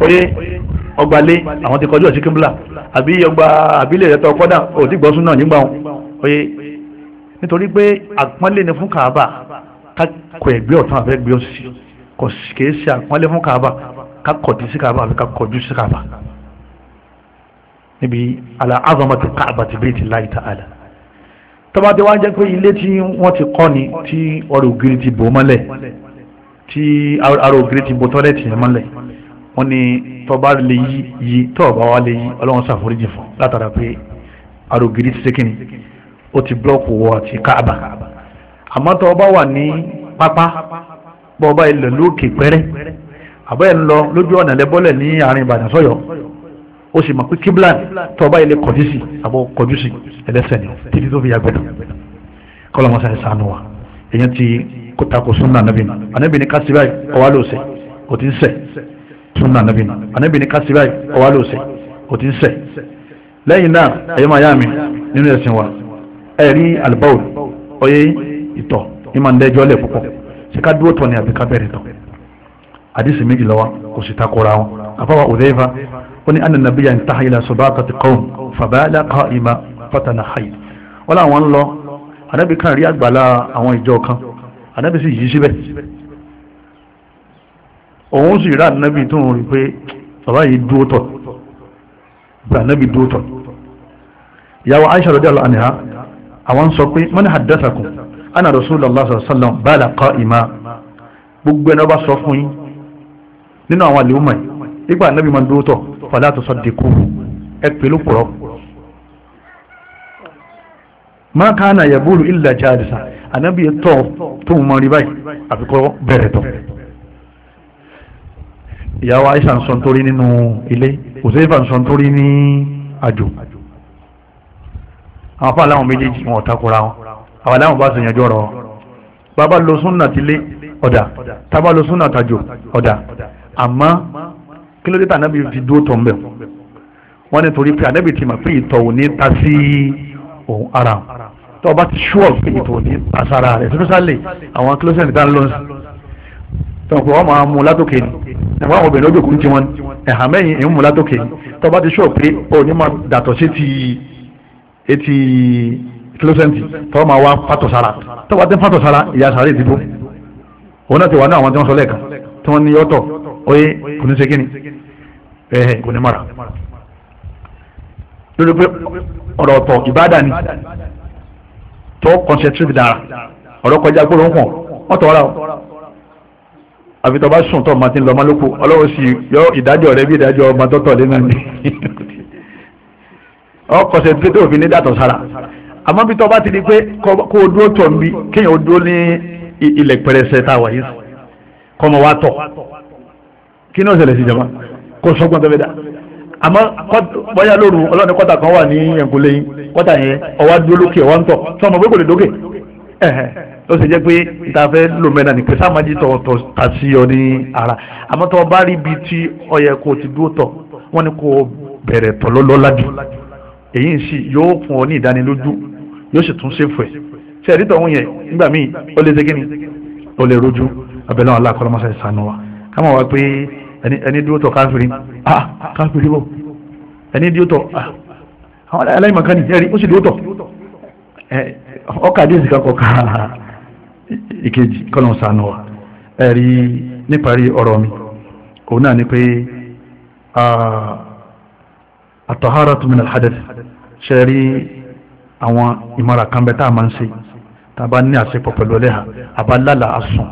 oyé ọgbàlé àwọn ti kọjú ọ̀sí kíbla àbí ọgbà àbílẹ̀ rẹ̀ tọ́ kọ́dà òtí gbọ́sùn náà nígbà wọn oyé nítorí pé àpọ́nlé ni fún kàába kakọ ẹgbẹ́ ọ̀tún àfẹ́ gbé òsì kò kìí ṣe àpọ́nlé fún kàába kakọ̀dí sí kàába àbí kakọ̀dú sí kàába níbi àlà azọmọtì kàába ti bí ti láì ta'ala tọ́ba tí wọ́n jẹ́ pé ilé tí wọ́n ti kọ́ ni tí ọ̀rọ̀ ògiri ti bò mọ́lẹ̀ tí ará ògiri ti bo tọ́lẹ̀tì yẹn mọ́lẹ̀ wọ́n ní tọ́ba lè yí yí tọ́ọ̀bá wa lè yí ọlọ́run ṣàforíjì fún látara pé ará ògiri ti sékìnì ó ti búlọ́ọ̀kù wọ àti káàbà àmọ́ tọ́ọ̀bá wà ní pápá bọ́ọ̀bá ilẹ̀ lókè pẹ́rẹ́ àbẹ́ ń lọ lójú ọ̀nà lẹ́bọ́lẹ̀ ní àárín ìbàdàn sọ́yọ́ ó sì mọ̀ pé kíbla tọ́ọ̀bá ilẹ̀ kọjú sí àbọ̀ kọjú ẹlẹ́sẹ̀ ni títí tó fi yàgbẹ́ kó takò súnà nàbì nù ànábì ní kásì báyìí ọwá ló sẹ kò tí ń sẹ súnà nàbì nù ànábì ní kásì báyìí ọwá ló sẹ kò tí ń sẹ lẹ́yìn náà ẹ̀yọ́ máa yá nínú ẹ̀sìn wa ẹ̀ rí albaul ọyẹ ìtọ̀ ìmọ̀ ń dẹ́jọ́ lẹ̀ púpọ̀ ṣe ká dúró tọ̀ ni àbí ká bẹ̀rẹ̀ tọ̀ àdìsí méjì lọ́wọ́ kò sì takora wọn àfọwọ́ òdẹ́fà ó ní ànà nàbíyà ń tàhà ilà sọ̀bá àtàtì kọ́ọ̀m fàbáyálà kọ́ ìmọ̀ fàtànà hayì wọ́n láwọn ń lọ ànábì kan rí àgbàlá àwọn ìjọ kan ànábì sì yí síbẹ̀ òun sì rà ànábì tó ń rí pé bàbá yìí dúró tọ̀ bàbá ànábì dúró tọ̀ ìyàwó Aisha radiyallahu anha àwọn sọ pé man haddathakum anna Rasulullah sallallahu alaihi wasallam bala qa'ima gbogbo ẹni ọba sọ fún yín nínú àwọn àlèhùn mọ̀ nígbà ànábì máa dúró tọ̀ fala tusaddiquhu ẹ pè ló pọ̀rọ̀ ma kana yabulu illa jalisa ànábì tọ̀ tó ń mọ rí báyìí àfikọ́ bẹ̀rẹ̀ tọ̀ ìyàwó Aisha ń sọ nítorí nínú ilé òsèfà ń sọ nítorí ní àjò àwọn afá aláwọn méjèèjì wọn ọ̀takùra wọn àwọn aláwọn bá sèyànjú ọ̀rọ̀ wọn bàbá lo súnà tilé ọ̀dà tábà lo súnà tàjò ọ̀dà àmọ́ kí tà nábì fi dúró tọ̀ ń bẹ̀ wọ́n ní torí pé ànábì ti mà pé ìtọ̀ ò ní ta sí ara wọn tó o bá ti ṣúọ̀ pé ìtò ní àṣàrà rẹ̀ sọ́sálẹ̀ àwọn kílọ́sẹ̀ níta ń lọ sí tó pé wọ́n máa mú látòkè ni ẹ̀fọ́ àwọn obìnrin lójókòó ti wọn ẹ̀hà mẹ́yìn ń mú látòkè ni tó o bá ti ṣúọ̀ pé o ní máa dàtọ̀ sí ti etí kílọ́sẹ̀ntì tó o máa wá pàtó sára tó o bá ti ń pàtó sára ìyá sàrà ìdìbò òun náà ti wà ní àwọn tí wọ́n sọ lẹ́ẹ̀kan tí wọ́n ní yọ́tọ̀ oyé kò ní ṣe kíni ẹ̀hẹ̀ kò tó concentrate dára ọ̀rọ̀ kọjá gbọ́dọ̀ ń kàn wọ́n tọ́ ra o àfi tó bá sùn tó ọmọ tí ń lọ ọmọ lóko ọlọ́wọ́ sì yọ ìdájọ́ rẹ bí ìdájọ́ ọmọ tó tọ̀lé náà ni ọ concentrate tó fi ní dàtọ̀ sára àmọ́ bí tó bá ti di pé kó o dúró tọ̀ nbí kéèyàn o dúró ní ilẹ̀ pẹrẹsẹ tá a wà yìí kọ́mọ wa tọ̀ kí ni ó ṣẹlẹ̀ sí jama kó sọ́gbọ́n tó fi dá àmọ́ bọ́yá lóru ọlọ́ni kọ́tà kan wà ní ẹ̀kúnlé yín kọ́tà yẹn ọwá dúró lókè ọwá ń tọ̀ tí ọmọ gbẹ́kọ̀ọ́ lè dókè ó sì jẹ́ pé ìta fẹ́ lò mẹ́ta ní pé sáàmájì tọ̀ tọ̀ àti ọ ní ara àmọ́ tó bá rí ibi tí ọyẹ kò ti dúró tọ̀ wọ́n ní kò bẹ̀rẹ̀ tọ̀ lọ́lọ́lá jù èyí ń sì yóò fún ọ ní ìdánilójú yóò sì tún ṣe fẹ̀ ṣe ẹ̀rí tọ̀hún yẹn nígbà míì ó lè ṣe kíni ó lè rojú ẹni dúró tọ̀ káfírí ah, ah káfírí bọ̀ ẹni dúró tọ̀ ah àwọn aláìmọ̀kan nìyẹn rí ó sì dúró tọ̀ ọkà díẹ̀sì kakọ̀ ká ìkejì kọ́nà sànù wa ẹ̀rí níparí ọ̀rọ̀ mi òun náà ni pé at-taharatu min al-hadath ṣe rí àwọn ìmọ̀ràn kan bẹ tá a máa ń ṣe tá a bá ní àṣepọ̀ pẹ̀lú ẹlẹ́hà àbá lálàá àsùn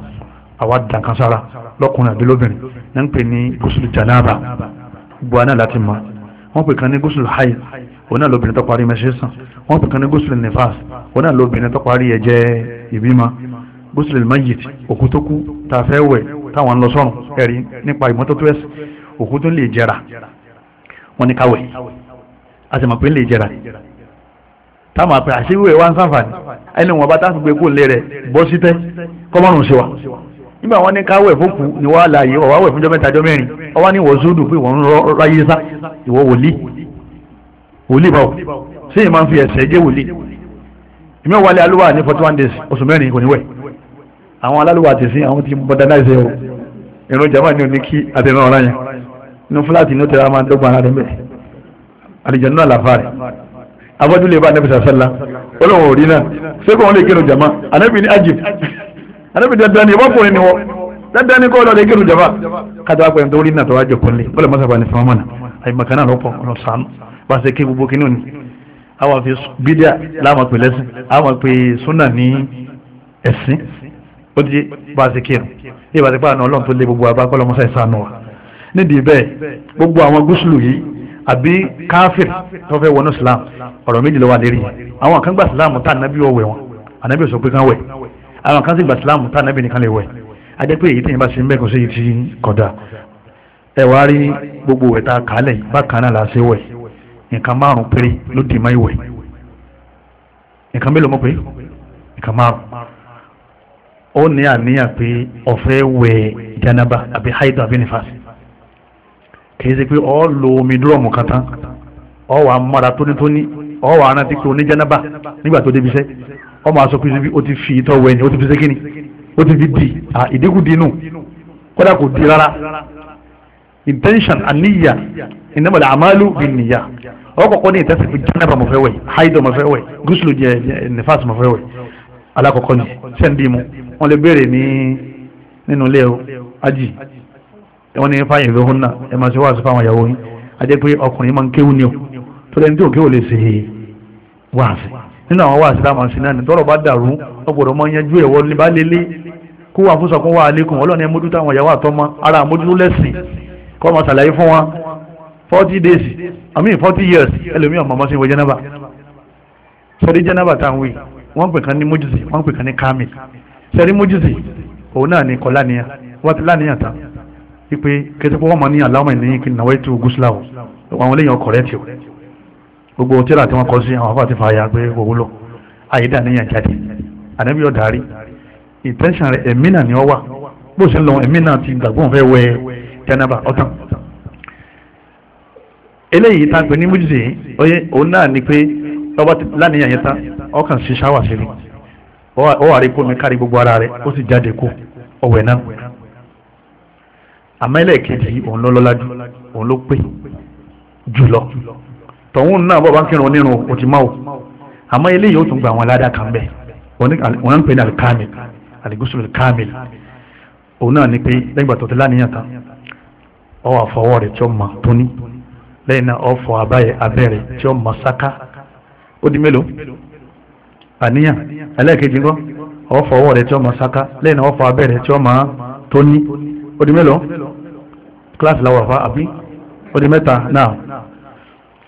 àwa dànkan sára lọ́kùnrin àbí lóbìnrin náà ń pè ní gúúsùlù jànáàbà gbogbo àná láti mọ wọ́n pè kan ní gúúsùlù haid òun náà lóbìnrin tó parí mẹsẹ̀ sàn wọ́n pè kan ní gúúsùlù nifas òun náà lóbìnrin tó parí ẹ̀jẹ̀ ìbímọ gúúsùlù mayit òkú tó kú tá a fẹ́ wẹ̀ táwọn ń lọ sọ́run ẹ̀rí nípa ìmọ́tótó ẹ̀sìn òkú lè jẹrà wọ́n ní káwẹ̀ a sì lè jẹrà táwọn àpè àṣírí wẹ̀ wá ń sáfà ní ẹni wọn bá tá a fi gbé kó lé rẹ̀ bọ́ sí kọ́mọ́rùn-ún sí wa nígbà wọn ní káwẹ̀ fókù ìwọ àlàyé ọ̀wá wẹ̀ fúnjọ́ mẹ́ta jọ mẹ́rin ọwá ní ìwọ zúdù pé ìwọ̀n ráyé sá ìwọ wòlíì wòlíì báwò sí ìmọ̀ ń fi ẹ̀sẹ̀ jẹ́ wòlíì ìmọ̀ wálé alúwà ní forty one days oṣù mẹ́rin kò ní wẹ̀ àwọn alálùwà ti sin àwọn ti modernize o ìrún jama ni ò ní kí àtẹ̀mọ́ ọ̀rá yẹn inú fúláàtì ní ó tẹ̀ra máa ń dọ́gba ara rẹ̀ mẹ́ àlìjẹ̀nú àlàfà rẹ̀ abọ́jú lè bá anẹ́bí sàṣẹ́lá olóhùn òrí náà ṣé kò wọ́n lè kírun jama anẹ́bí ní ajib àdébí dandan ni ìwọ́kùnrin ni wọ́n dandan ni kọ́ lọ lè kírun jàmbá kátó apẹ̀ nítorí náà tó wá jọ kọ́lé bọ́lá mọ́sàbà ní fún ọmọ náà àyè màkànnà lọ́pọ̀ ọ̀nà sànù bá a ṣe ké gbogbo kínú ni àwọn àfi bídíà láwọn pè lẹ́sìn àwọn pè súnà ní ẹ̀sìn ó ti bá a ṣe kírun bí ìbá ti pa àná ọlọ́run tó lé gbogbo abá kọ́lọ́ mọ́sà ìsànù wa nídìí bẹ́ẹ̀ gbogbo àwọn gúúsùlù yìí àbí káfíìr tó fẹ́ wọnú islam ọ̀rọ̀ kan gba islam tá ànábì ọ̀wẹ̀ wọn ànábì sọ pé kán wẹ̀ àwọn kan sì gbà sílámù tá ànábì nìkan lè wẹ̀ a jẹ́ pé èyí tẹ̀yìn bá ṣe ń bẹ́ẹ̀ kó sí ti kọ̀dà ẹ wá rí gbogbo ìwẹ̀ tá a kà á lẹ̀ bákan náà là á ṣe wẹ̀ nǹkan márùn-ún péré ló dì máa ìwẹ̀ nǹkan mélòó mọ̀ pé nǹkan márùn ó ní àníyàn pé ó wẹ̀ janaba àbí haidu àbí nífàsì kìí ṣe pé ọ lo omi dúrọ̀mù kan tán ọ wà á mọ́ra tónítóní ọ wà á rántí pé oníjanaba nígbà tó débi iṣẹ́ ọmọ aṣọ pé o ti fi ìtọ̀ wẹ̀ ni o ti fi ṣékìní o ti fi di ìdínkù dínú kódà kò di rárá intention àníyà innamal a'malu binniyah ọkọ̀kọ́ ní ìtẹ́sí pé jẹ́nẹ́bà mo fẹ́ wẹ̀ haidọ̀ mo fẹ́ wẹ̀ gúúsùlù jẹ́ nífàsì mo fẹ́ wẹ̀ alákọ̀ọ́kọ́ ni sẹ́ńdì mu wọ́n lè béèrè ní nínú ilé ajì wọ́n ní fáyìn ìlú húnna ẹ̀ máa ṣe wá fáwọn ìyàwó yín a pé ọkùnrin máa ń kéwú ni o tó lẹ́ni tí òkè ò lè ṣe wáàsí nínú àwọn wà sílámà sí náà tọ́rọ̀ bá dàrú ọgbọ̀dọ̀ mọ́ yanjú ẹ̀wọ́ bá lélẹ̀ kó wà fún sọkún wà lẹ́kùn ọlọ́ni ẹmójú táwọn ìyàwó àtọ́mọ ara àmójú lẹ́sìn kọ́ mọ́ sàlàyé fún wọn forty days i mean forty years ẹlòmíì ọmọ ọmọ sí ìwé jẹ́nàbà sọdí jẹ́nàbà táwọn wí wọ́n pè kan ní mójúzì wọ́n pè kan ní kámi sẹ́rí mójúzì òun náà ní kọ́láníyà wọ́n ti láníyàn tán wípé kẹsíkọ́ wọ́n mọ̀ gbogbo tíra tí wọ́n kọ sí àwọn afáàtì fàáyà pé owó lọ àyídà níyàn jáde ànábì ọ̀dàrí intention rẹ̀ ẹ̀mí náà ni ọ wà bó ṣe ń lọ ẹ̀mí náà ti gbàgbọ́n fẹ́ wẹ jẹnaba ọ̀tán eléyìí tá a pè ní mújìdì oyè òun náà ni pé ọba lánìyàn yẹn tán ọkàn sí ṣáwà sí mi ọ wà rí kó mi kárí gbogbo ara rẹ ó sì jáde kó ọwẹ́ náà àmọ́ ẹlẹ́ẹ̀kejì òun lọ́lọ́lá tọ̀hún náà bọ̀ bá ń kírun onírun ó máa àmọ́ eléyìí ó tún gba àwọn kan bẹ́ẹ̀ wọ́n ń pè ọ wà fọwọ́ rẹ̀ tí ó mọ tóní lẹ́yìn náà ọ fọ abáyẹ abẹ́rẹ́ tí ó sáká ó di mélòó àníyàn ẹlẹ́ẹ̀kejì ńkọ́ ọ fọwọ́ rẹ̀ tí ó sáká lẹ́yìn náà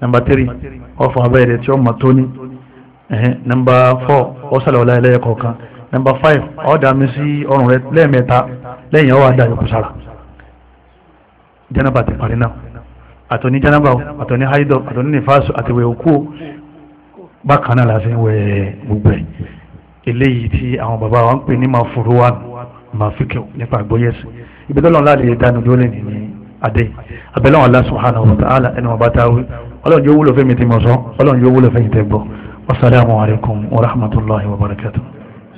nọmba tiri ọfọ abẹ́rẹ́ tí ó mọ̀ tóní nọmba fọ ọ̀sàlọ̀ọ̀lá ẹlẹ́yẹkọ̀ọ̀kan nọmba fáìf ọ̀dàmí sí ọrùn rẹ lẹ́ẹ̀mẹ́ta lẹ́yìn ọwọ́ adá yòókù sára jẹ́nàbà ti parí náà àtòní jẹ́nàbà àtòní haidọ̀ àtòní nífàsù àtiwẹ̀ òkú bákan náà láti wẹ̀ gbogbo ẹ̀ eléyìí tí àwọn bàbá wa ń pè ní máa fòrò wa máa fi kẹ́wò nípa àgbóyẹ̀sì ibi tó lọ́nà láti dánu lólè nìyí adé abẹ́lẹ́wọ̀n Allah subhanahu wa ta'ala ẹni wọn bá táwé ọlọ́run yóò wúlò fẹ́mi tí mo sọ ọlọ́run yóò wúlò fẹ́yìn tẹ́ gbọ́ wasalaamualeykum wa rahmatulahi wa barakatuh.